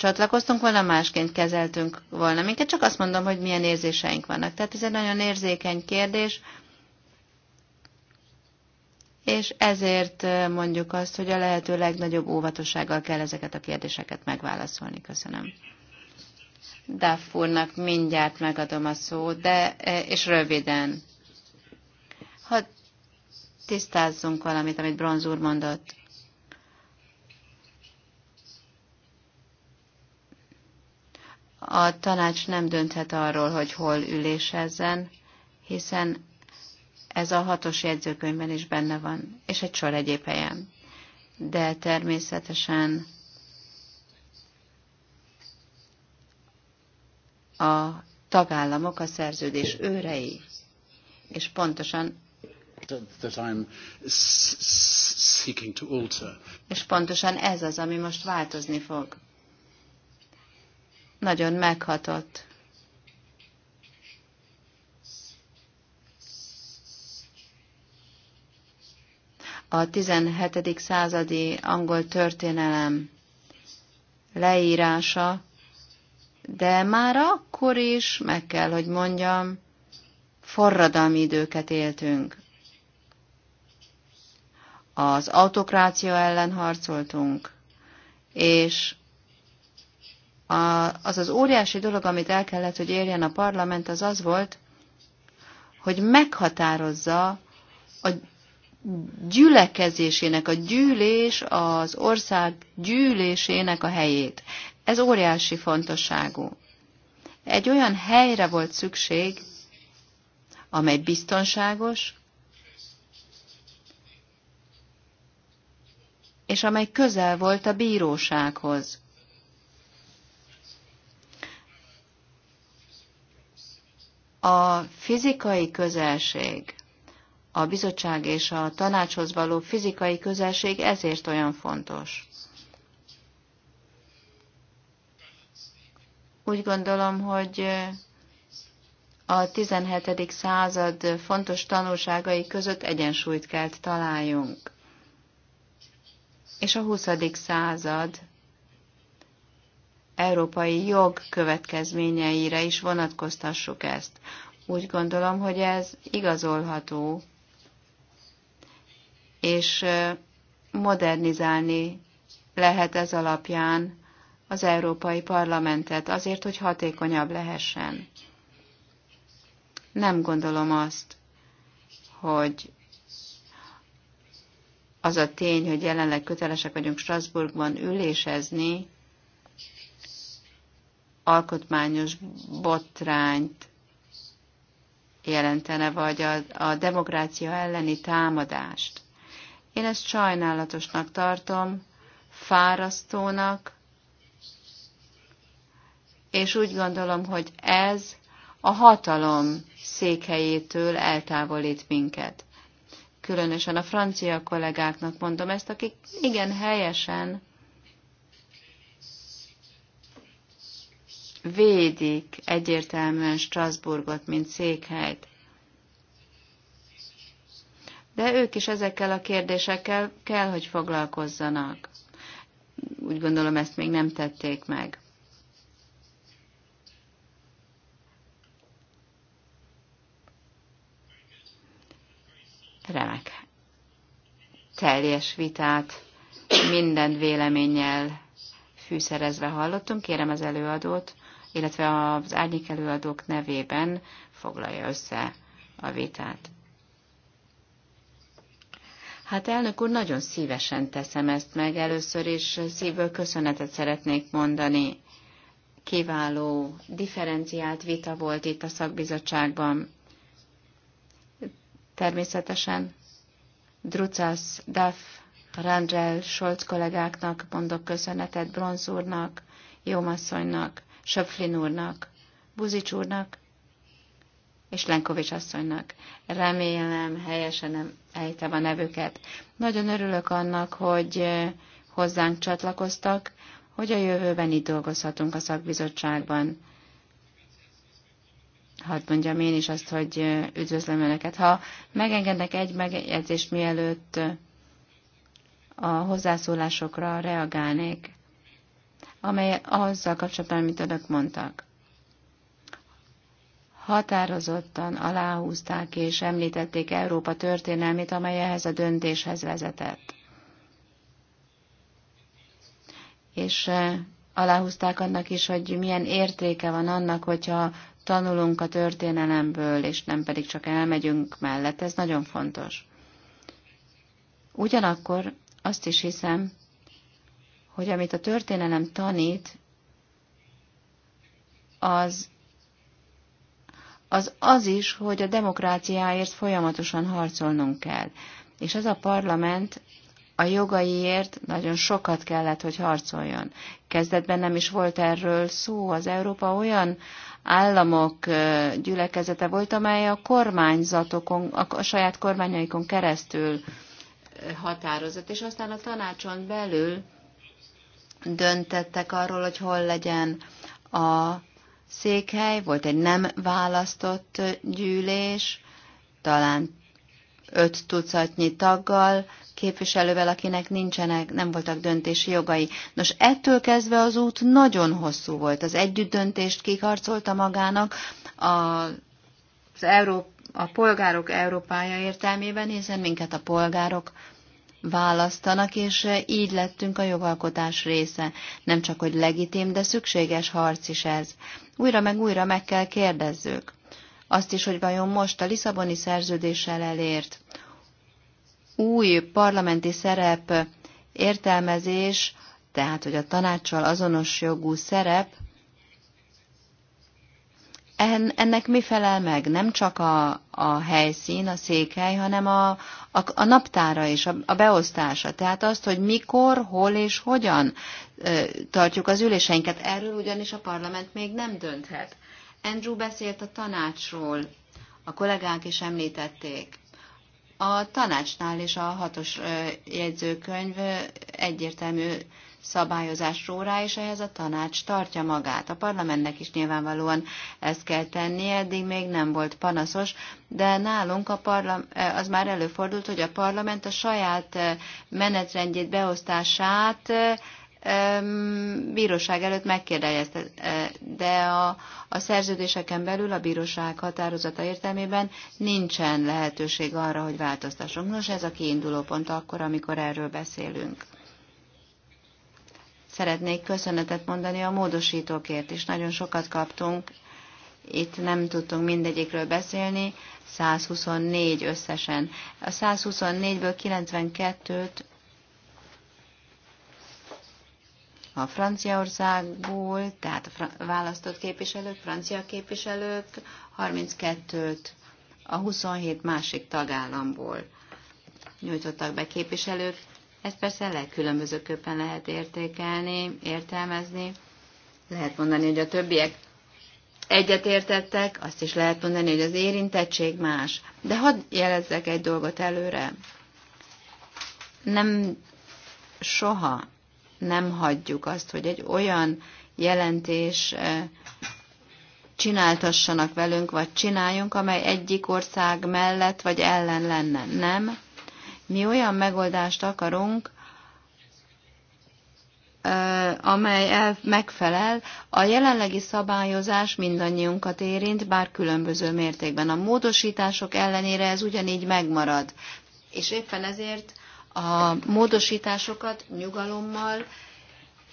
csatlakoztunk volna, másként kezeltünk volna minket, csak azt mondom, hogy milyen érzéseink vannak. Tehát ez egy nagyon érzékeny kérdés, és ezért eh, mondjuk azt, hogy a lehető legnagyobb óvatossággal kell ezeket a kérdéseket megválaszolni. Köszönöm. Duff mindjárt megadom a szót, de, eh, és röviden. Ha tisztázzunk valamit, amit Bronzúr mondott. A tanács nem dönthet arról, hogy hol ülésezzen, hiszen ez a hatos jegyzőkönyvben is benne van, és egy sor egyéb helyen. De természetesen a tagállamok a szerződés őrei, és pontosan that I'm seeking to alter. És pontosan ez az, ami most változni fog nagyon meghatott. A 17. századi angol történelem leírása, de már akkor is, meg kell, hogy mondjam, forradalmi időket éltünk. Az autokrácia ellen harcoltunk, és a, az az óriási dolog, amit el kellett, hogy érjen a parlament, az az volt, hogy meghatározza a gyülekezésének, a gyűlés, az ország gyűlésének a helyét. Ez óriási fontosságú. Egy olyan helyre volt szükség, amely biztonságos, és amely közel volt a bírósághoz. A fizikai közelség, a bizottság és a tanácshoz való fizikai közelség ezért olyan fontos. Úgy gondolom, hogy a 17. század fontos tanulságai között egyensúlyt kell találjunk. És a 20. század európai jog következményeire is vonatkoztassuk ezt. Úgy gondolom, hogy ez igazolható, és modernizálni lehet ez alapján az Európai Parlamentet azért, hogy hatékonyabb lehessen. Nem gondolom azt, hogy az a tény, hogy jelenleg kötelesek vagyunk Strasbourgban ülésezni, alkotmányos botrányt jelentene, vagy a, a demokrácia elleni támadást. Én ezt sajnálatosnak tartom, fárasztónak, és úgy gondolom, hogy ez a hatalom székhelyétől eltávolít minket. Különösen a francia kollégáknak mondom ezt, akik igen helyesen védik egyértelműen Strasbourgot, mint székhelyt. De ők is ezekkel a kérdésekkel kell, hogy foglalkozzanak. Úgy gondolom, ezt még nem tették meg. Remek. Teljes vitát, minden véleménnyel fűszerezve hallottunk. Kérem az előadót illetve az árnyék előadók nevében foglalja össze a vitát. Hát elnök úr, nagyon szívesen teszem ezt meg. Először is szívből köszönetet szeretnék mondani. Kiváló, differenciált vita volt itt a szakbizottságban. Természetesen Drucas, Duff, Rangel, Scholz kollégáknak mondok köszönetet, Bronz úrnak, Jómasszonynak, Söpflin úrnak, Buzics úrnak és Lenkovics asszonynak. Remélem, helyesen nem ejtem a nevüket. Nagyon örülök annak, hogy eh, hozzánk csatlakoztak, hogy a jövőben itt dolgozhatunk a szakbizottságban. Hadd mondjam én is azt, hogy eh, üdvözlöm Önöket. Ha megengednek egy megjegyzést mielőtt eh, a hozzászólásokra reagálnék amely azzal kapcsolatban, amit önök mondtak. Határozottan aláhúzták és említették Európa történelmét, amely ehhez a döntéshez vezetett. És eh, aláhúzták annak is, hogy milyen értéke van annak, hogyha tanulunk a történelemből, és nem pedig csak elmegyünk mellett. Ez nagyon fontos. Ugyanakkor azt is hiszem, hogy amit a történelem tanít, az az az is, hogy a demokráciáért folyamatosan harcolnunk kell. És ez a parlament a jogaiért nagyon sokat kellett, hogy harcoljon. Kezdetben nem is volt erről szó. Az Európa olyan államok gyülekezete volt, amely a kormányzatokon, a saját kormányaikon keresztül határozott, és aztán a tanácson belül döntettek arról, hogy hol legyen a székhely, volt egy nem választott gyűlés, talán öt tucatnyi taggal, képviselővel, akinek nincsenek, nem voltak döntési jogai. Nos, ettől kezdve az út nagyon hosszú volt. Az együtt döntést kikarcolta magának a, az Európa, a polgárok Európája értelmében, hiszen minket a polgárok választanak, és eh, így lettünk a jogalkotás része. Nem csak, hogy legitim, de szükséges harc is ez. Újra meg újra meg kell kérdezzük. Azt is, hogy vajon most a Lisszaboni szerződéssel elért új parlamenti szerep értelmezés, tehát, hogy a tanácssal azonos jogú szerep, En, ennek mi felel meg? Nem csak a, a helyszín, a székhely, hanem a, a, a naptára és a, a beosztása. Tehát azt, hogy mikor, hol és hogyan ö, tartjuk az üléseinket. Erről ugyanis a parlament még nem dönthet. Andrew beszélt a tanácsról, a kollégák is említették. A tanácsnál és a hatos jegyzőkönyv egyértelmű szabályozásról rá, és ehhez a tanács tartja magát. A parlamentnek is nyilvánvalóan ezt kell tenni, eddig még nem volt panaszos, de nálunk a parlam, eh, az már előfordult, hogy a parlament a saját eh, menetrendjét, beosztását eh, bíróság előtt megkérdezte, de a, a szerződéseken belül a bíróság határozata értelmében nincsen lehetőség arra, hogy változtassunk. Nos, ez a kiinduló pont akkor, amikor erről beszélünk szeretnék köszönetet mondani a módosítókért is. Nagyon sokat kaptunk, itt nem tudtunk mindegyikről beszélni, 124 összesen. A 124-ből 92-t a Franciaországból, tehát a választott képviselők, francia képviselők, 32-t a 27 másik tagállamból nyújtottak be képviselők, ezt persze legkülönbözőképpen lehet értékelni, értelmezni. Lehet mondani, hogy a többiek egyetértettek, azt is lehet mondani, hogy az érintettség más. De hadd jelezzek egy dolgot előre. Nem soha nem hagyjuk azt, hogy egy olyan jelentés eh, csináltassanak velünk, vagy csináljunk, amely egyik ország mellett vagy ellen lenne. Nem. Mi olyan megoldást akarunk, amely megfelel, a jelenlegi szabályozás mindannyiunkat érint, bár különböző mértékben. A módosítások ellenére ez ugyanígy megmarad. És éppen ezért a módosításokat nyugalommal,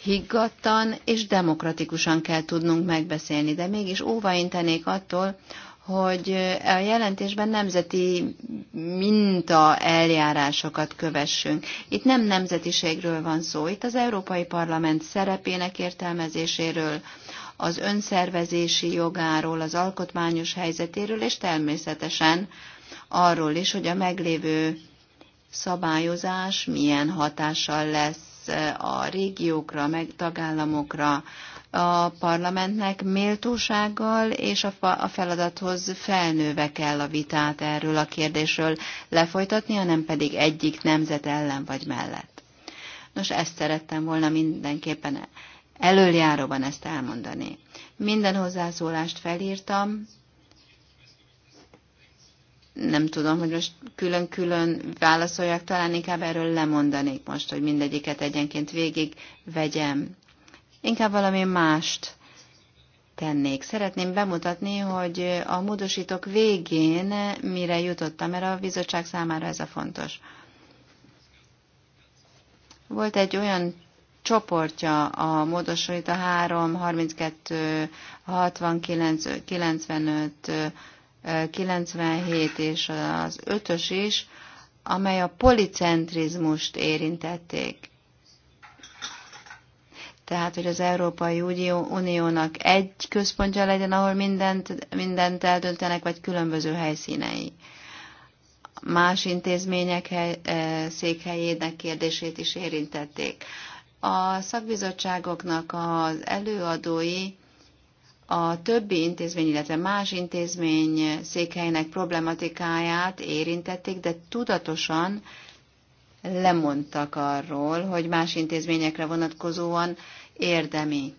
higgadtan és demokratikusan kell tudnunk megbeszélni, de mégis óvaintenék attól, hogy a jelentésben nemzeti minta eljárásokat kövessünk. Itt nem nemzetiségről van szó, itt az Európai Parlament szerepének értelmezéséről, az önszervezési jogáról, az alkotmányos helyzetéről, és természetesen arról is, hogy a meglévő szabályozás milyen hatással lesz a régiókra, meg tagállamokra, a parlamentnek méltósággal és a feladathoz felnőve kell a vitát erről a kérdésről lefolytatni, hanem pedig egyik nemzet ellen vagy mellett. Nos, ezt szerettem volna mindenképpen előjáróban ezt elmondani. Minden hozzászólást felírtam, nem tudom, hogy most külön-külön válaszoljak, talán inkább erről lemondanék most, hogy mindegyiket egyenként végig vegyem inkább valami mást tennék. Szeretném bemutatni, hogy a módosítók végén mire jutottam, mert a bizottság számára ez a fontos. Volt egy olyan csoportja a módosít a 3, 32, 69, 95, 97 és az 5-ös is, amely a policentrizmust érintették tehát hogy az Európai Uniónak egy központja legyen, ahol mindent, mindent eldöntenek, vagy különböző helyszínei. Más intézmények hely, eh, székhelyének kérdését is érintették. A szakbizottságoknak az előadói a többi intézmény, illetve más intézmény székhelyének problematikáját érintették, de tudatosan lemondtak arról, hogy más intézményekre vonatkozóan érdemi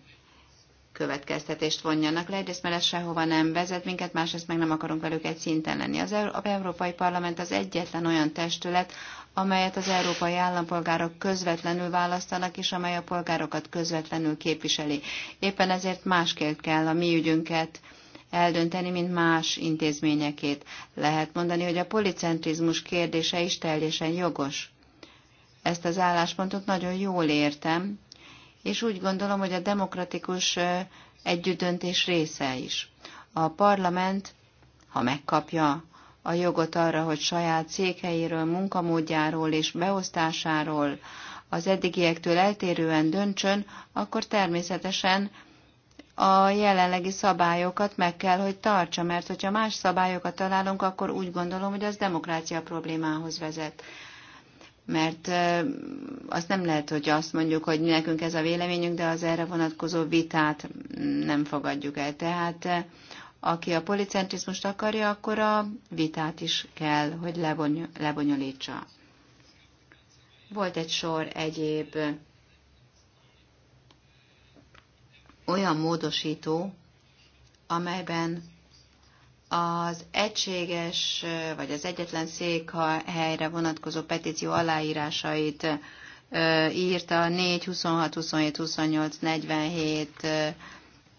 következtetést vonjanak le. Egyrészt, mert ez sehova nem vezet minket, másrészt meg nem akarunk velük egy szinten lenni. Az Európai Parlament az egyetlen olyan testület, amelyet az európai állampolgárok közvetlenül választanak, és amely a polgárokat közvetlenül képviseli. Éppen ezért másként kell a mi ügyünket eldönteni, mint más intézményekét. Lehet mondani, hogy a policentrizmus kérdése is teljesen jogos ezt az álláspontot, nagyon jól értem, és úgy gondolom, hogy a demokratikus együttdöntés része is. A parlament, ha megkapja a jogot arra, hogy saját székhelyéről, munkamódjáról és beosztásáról az eddigiektől eltérően döntsön, akkor természetesen a jelenlegi szabályokat meg kell, hogy tartsa, mert hogyha más szabályokat találunk, akkor úgy gondolom, hogy az demokrácia problémához vezet mert azt nem lehet, hogy azt mondjuk, hogy nekünk ez a véleményünk, de az erre vonatkozó vitát nem fogadjuk el. Tehát aki a policentrizmust akarja, akkor a vitát is kell, hogy lebony- lebonyolítsa. Volt egy sor egyéb olyan módosító, amelyben az egységes vagy az egyetlen székhelyre vonatkozó petíció aláírásait írta 4, 26, 27, 28, 47,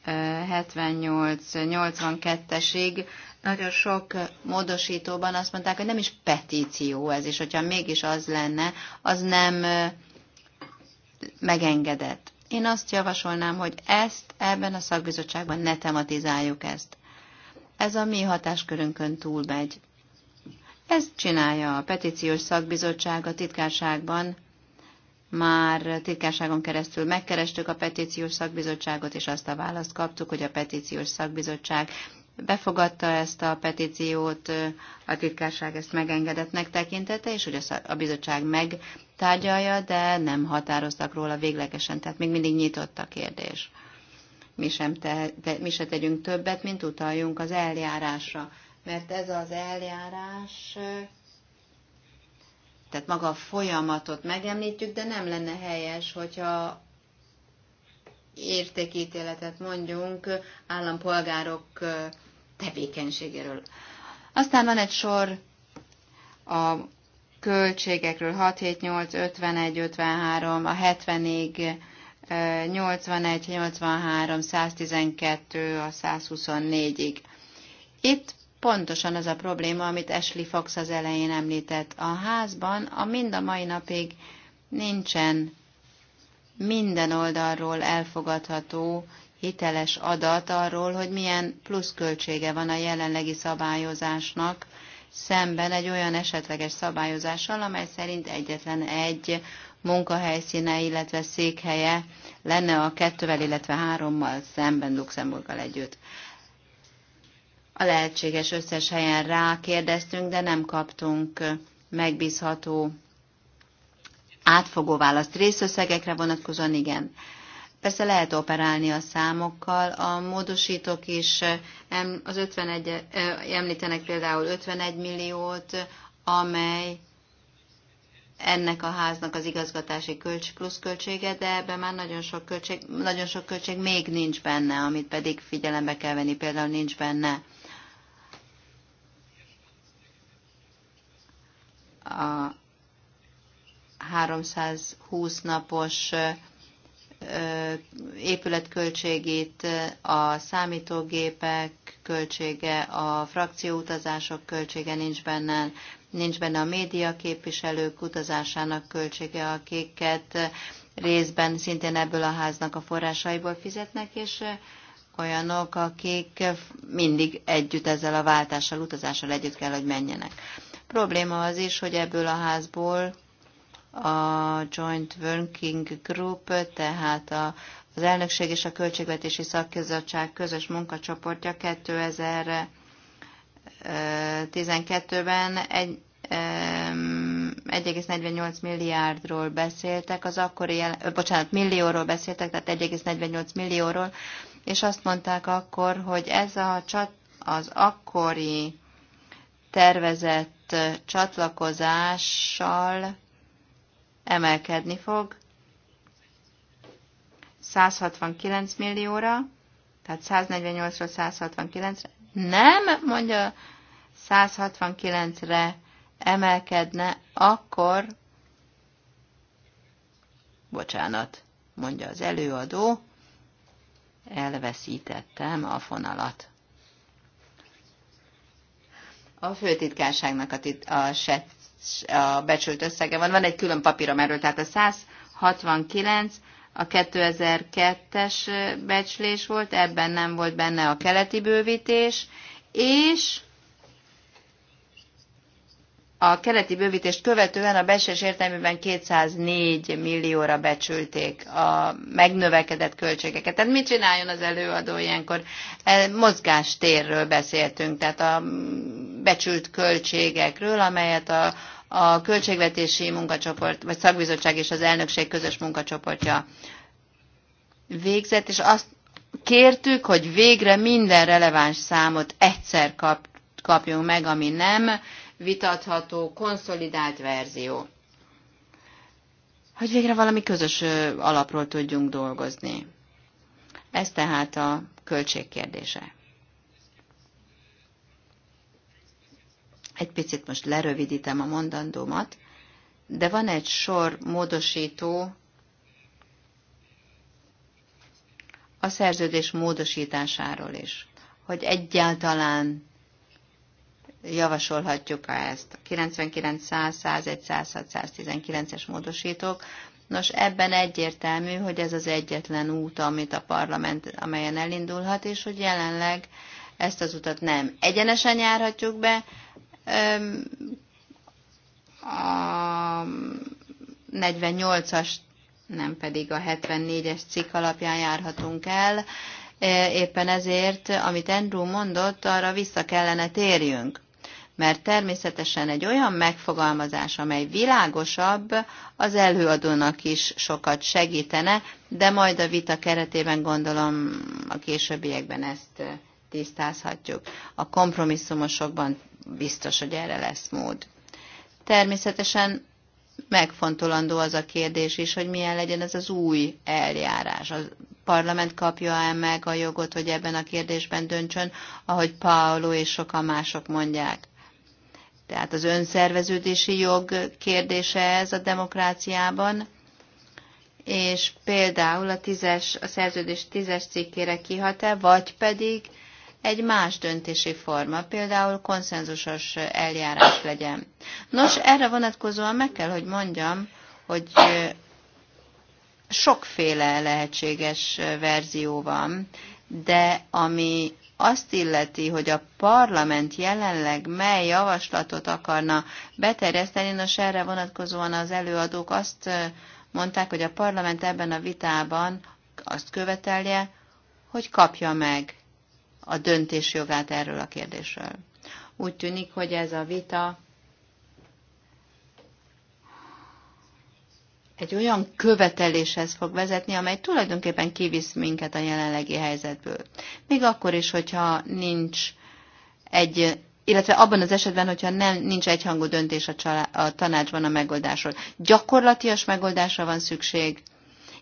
78, 82-esig. Nagyon sok módosítóban azt mondták, hogy nem is petíció ez, és hogyha mégis az lenne, az nem megengedett. Én azt javasolnám, hogy ezt ebben a szakbizottságban ne tematizáljuk ezt ez a mi hatáskörünkön túlmegy. Ezt csinálja a petíciós szakbizottság a titkárságban. Már titkárságon keresztül megkerestük a petíciós szakbizottságot, és azt a választ kaptuk, hogy a petíciós szakbizottság befogadta ezt a petíciót, a titkárság ezt megengedettnek tekintette, és hogy a bizottság megtárgyalja, de nem határoztak róla véglegesen, tehát még mindig nyitott a kérdés mi sem, te, te, mi se tegyünk többet, mint utaljunk az eljárásra. Mert ez az eljárás, tehát maga a folyamatot megemlítjük, de nem lenne helyes, hogyha értékítéletet mondjunk állampolgárok tevékenységéről. Aztán van egy sor a költségekről 6, 7, 8, 51, 53, a 70-ig 81, 83, 112 a 124-ig. Itt pontosan az a probléma, amit Ashley Fox az elején említett. A házban a mind a mai napig nincsen minden oldalról elfogadható hiteles adat arról, hogy milyen pluszköltsége van a jelenlegi szabályozásnak, szemben egy olyan esetleges szabályozással, amely szerint egyetlen egy munkahelyszíne, illetve székhelye lenne a kettővel, illetve hárommal szemben Luxemburggal együtt. A lehetséges összes helyen rákérdeztünk, de nem kaptunk megbízható átfogó választ. Részösszegekre vonatkozóan igen. Persze lehet operálni a számokkal, a módosítók is az 51, említenek például 51 milliót, amely ennek a háznak az igazgatási költs, plusz költsége, de ebben már nagyon sok, költség, nagyon sok költség még nincs benne, amit pedig figyelembe kell venni, például nincs benne. A 320 napos épületköltségét, a számítógépek költsége, a frakcióutazások költsége nincs benne, nincs benne a média képviselők utazásának költsége, akiket részben szintén ebből a háznak a forrásaiból fizetnek, és olyanok, akik mindig együtt ezzel a váltással, utazással együtt kell, hogy menjenek. Probléma az is, hogy ebből a házból a Joint Working Group, tehát a, az elnökség és a költségvetési szakbizottság közös munkacsoportja 2000 12-ben egy 1,48 milliárdról beszéltek, az akkori, bocsánat, millióról beszéltek, tehát 1,48 millióról, és azt mondták akkor, hogy ez a csat, az akkori tervezett csatlakozással emelkedni fog 169 millióra, tehát 148-ról 169-re, nem, mondja, 169-re emelkedne, akkor, bocsánat, mondja az előadó, elveszítettem a fonalat. A főtitkárságnak a, tit- a, set- a becsült összege van, van egy külön papírom erről, tehát a 169 a 2002-es becslés volt, ebben nem volt benne a keleti bővítés, és a keleti bővítést követően a becslés értelmében 204 millióra becsülték a megnövekedett költségeket. Tehát mit csináljon az előadó ilyenkor? E, mozgástérről beszéltünk, tehát a becsült költségekről, amelyet a, a költségvetési munkacsoport, vagy szakbizottság és az elnökség közös munkacsoportja végzett, és azt kértük, hogy végre minden releváns számot egyszer kap, kapjunk meg, ami nem vitatható, konszolidált verzió. Hogy végre valami közös alapról tudjunk dolgozni. Ez tehát a költségkérdése. Egy picit most lerövidítem a mondandómat, de van egy sor módosító a szerződés módosításáról is, hogy egyáltalán javasolhatjuk -e ezt. 99, 100, 101, 106, 119-es módosítók. Nos, ebben egyértelmű, hogy ez az egyetlen út, amit a parlament, amelyen elindulhat, és hogy jelenleg ezt az utat nem egyenesen járhatjuk be, a 48-as, nem pedig a 74-es cikk alapján járhatunk el. Éppen ezért, amit Andrew mondott, arra vissza kellene térjünk. Mert természetesen egy olyan megfogalmazás, amely világosabb, az előadónak is sokat segítene, de majd a vita keretében gondolom a későbbiekben ezt tisztázhatjuk. A kompromisszumosokban biztos, hogy erre lesz mód. Természetesen megfontolandó az a kérdés is, hogy milyen legyen ez az új eljárás. A parlament kapja-e meg a jogot, hogy ebben a kérdésben döntsön, ahogy Paolo és sokan mások mondják. Tehát az önszerveződési jog kérdése ez a demokráciában, és például a, tízes, a szerződés tízes cikkére kihat-e, vagy pedig egy más döntési forma, például konszenzusos eljárás legyen. Nos, erre vonatkozóan meg kell, hogy mondjam, hogy sokféle lehetséges verzió van, de ami azt illeti, hogy a parlament jelenleg mely javaslatot akarna beterjeszteni, nos erre vonatkozóan az előadók azt mondták, hogy a parlament ebben a vitában azt követelje, hogy kapja meg a döntés jogát erről a kérdésről. Úgy tűnik, hogy ez a vita egy olyan követeléshez fog vezetni, amely tulajdonképpen kivisz minket a jelenlegi helyzetből. Még akkor is, hogyha nincs egy, illetve abban az esetben, hogyha nem, nincs egyhangú döntés a, csalá, a tanácsban a megoldásról. Gyakorlatias megoldásra van szükség,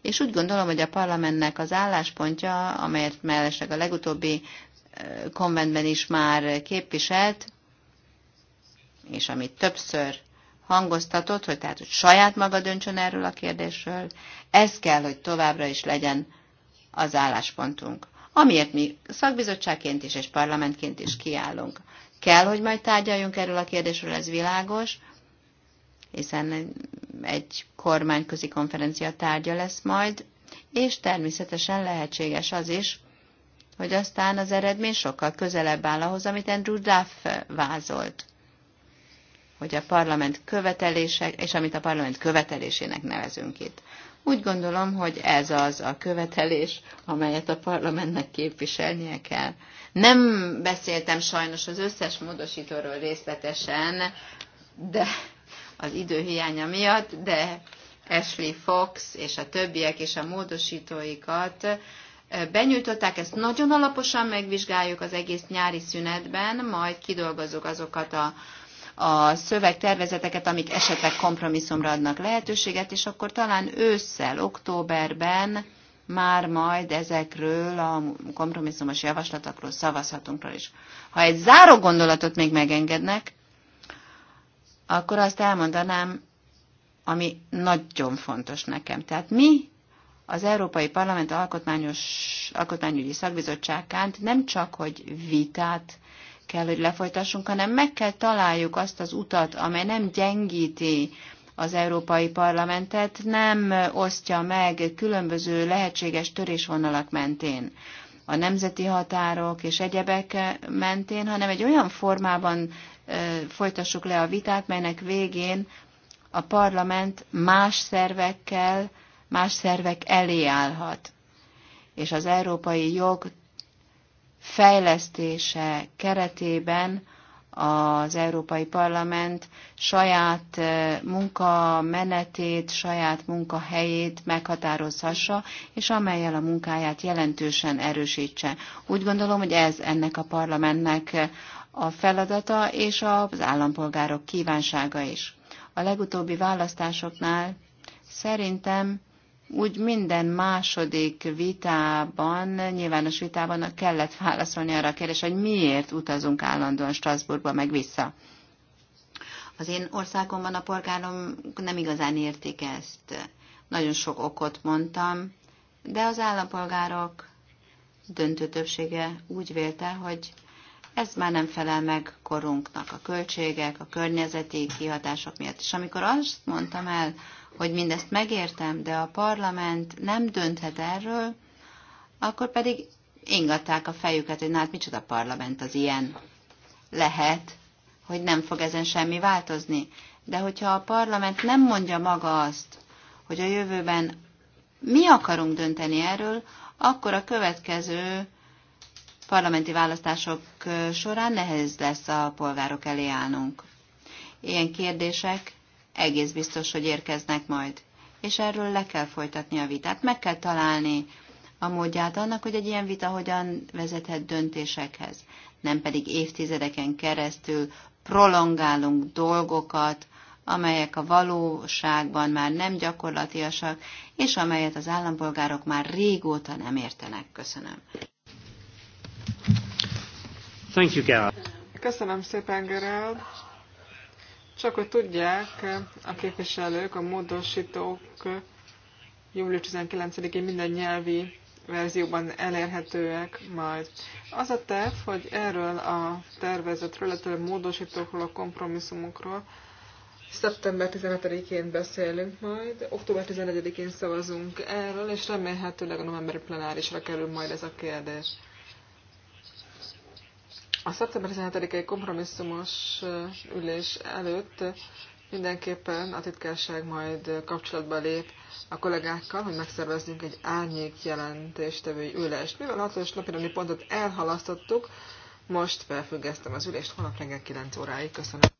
és úgy gondolom, hogy a parlamentnek az álláspontja, amelyet mellesleg a legutóbbi konventben is már képviselt, és amit többször hangoztatott, hogy tehát, hogy saját maga döntsön erről a kérdésről, ez kell, hogy továbbra is legyen az álláspontunk. Amiért mi szakbizottságként is és parlamentként is kiállunk. Kell, hogy majd tárgyaljunk erről a kérdésről, ez világos, hiszen egy kormányközi konferencia tárgya lesz majd, és természetesen lehetséges az is, hogy aztán az eredmény sokkal közelebb áll ahhoz, amit Andrew Duff vázolt hogy a parlament követelések, és amit a parlament követelésének nevezünk itt. Úgy gondolom, hogy ez az a követelés, amelyet a parlamentnek képviselnie kell. Nem beszéltem sajnos az összes módosítóról részletesen, de az időhiánya miatt, de Ashley Fox és a többiek és a módosítóikat benyújtották, ezt nagyon alaposan megvizsgáljuk az egész nyári szünetben, majd kidolgozzuk azokat a, a szövegtervezeteket, amik esetleg kompromisszumra adnak lehetőséget, és akkor talán ősszel, októberben már majd ezekről a kompromisszumos javaslatokról szavazhatunkról is. Ha egy záró gondolatot még megengednek, akkor azt elmondanám, ami nagyon fontos nekem. Tehát mi az Európai Parlament alkotmányos, alkotmányügyi szakbizottságánt nem csak, hogy vitát kell, hogy lefolytassunk, hanem meg kell találjuk azt az utat, amely nem gyengíti az Európai Parlamentet, nem osztja meg különböző lehetséges törésvonalak mentén a nemzeti határok és egyebek mentén, hanem egy olyan formában folytassuk le a vitát, melynek végén a parlament más szervekkel, más szervek elé állhat. És az európai jog fejlesztése keretében az Európai Parlament saját eh, munkamenetét, saját munkahelyét meghatározhassa, és amelyel a munkáját jelentősen erősítse. Úgy gondolom, hogy ez ennek a parlamentnek eh, a feladata és az állampolgárok kívánsága is. A legutóbbi választásoknál szerintem úgy minden második vitában, nyilvános vitában kellett válaszolni arra a kérdés, hogy miért utazunk állandóan Strasbourgba meg vissza. Az én országomban a polgárom nem igazán értik ezt. Nagyon sok okot mondtam, de az állampolgárok döntő többsége úgy vélte, hogy ez már nem felel meg korunknak, a költségek, a környezeti kihatások miatt. És amikor azt mondtam el, hogy mindezt megértem, de a parlament nem dönthet erről, akkor pedig ingatták a fejüket, hogy na hát micsoda parlament az ilyen. Lehet, hogy nem fog ezen semmi változni, de hogyha a parlament nem mondja maga azt, hogy a jövőben mi akarunk dönteni erről, akkor a következő parlamenti választások során nehéz lesz a polgárok elé állnunk. Ilyen kérdések egész biztos, hogy érkeznek majd. És erről le kell folytatni a vitát. Meg kell találni a módját annak, hogy egy ilyen vita hogyan vezethet döntésekhez. Nem pedig évtizedeken keresztül prolongálunk dolgokat, amelyek a valóságban már nem gyakorlatiasak, és amelyet az állampolgárok már régóta nem értenek. Köszönöm. Thank you, Gerard. Köszönöm szépen, Gerard. Csak hogy tudják a képviselők, a módosítók július 19-én minden nyelvi verzióban elérhetőek majd. Az a terv, hogy erről a tervezetről, illetve a módosítókról, a kompromisszumokról szeptember 17-én beszélünk majd, október 11-én szavazunk erről, és remélhetőleg a novemberi plenárisra kerül majd ez a kérdés. A szeptember 17-i kompromisszumos ülés előtt mindenképpen a titkárság majd kapcsolatba lép a kollégákkal, hogy megszervezzünk egy árnyék jelentéstevői ülést. Mivel a hatos napirendi pontot elhalasztottuk, most felfüggesztem az ülést holnap reggel 9 óráig. Köszönöm.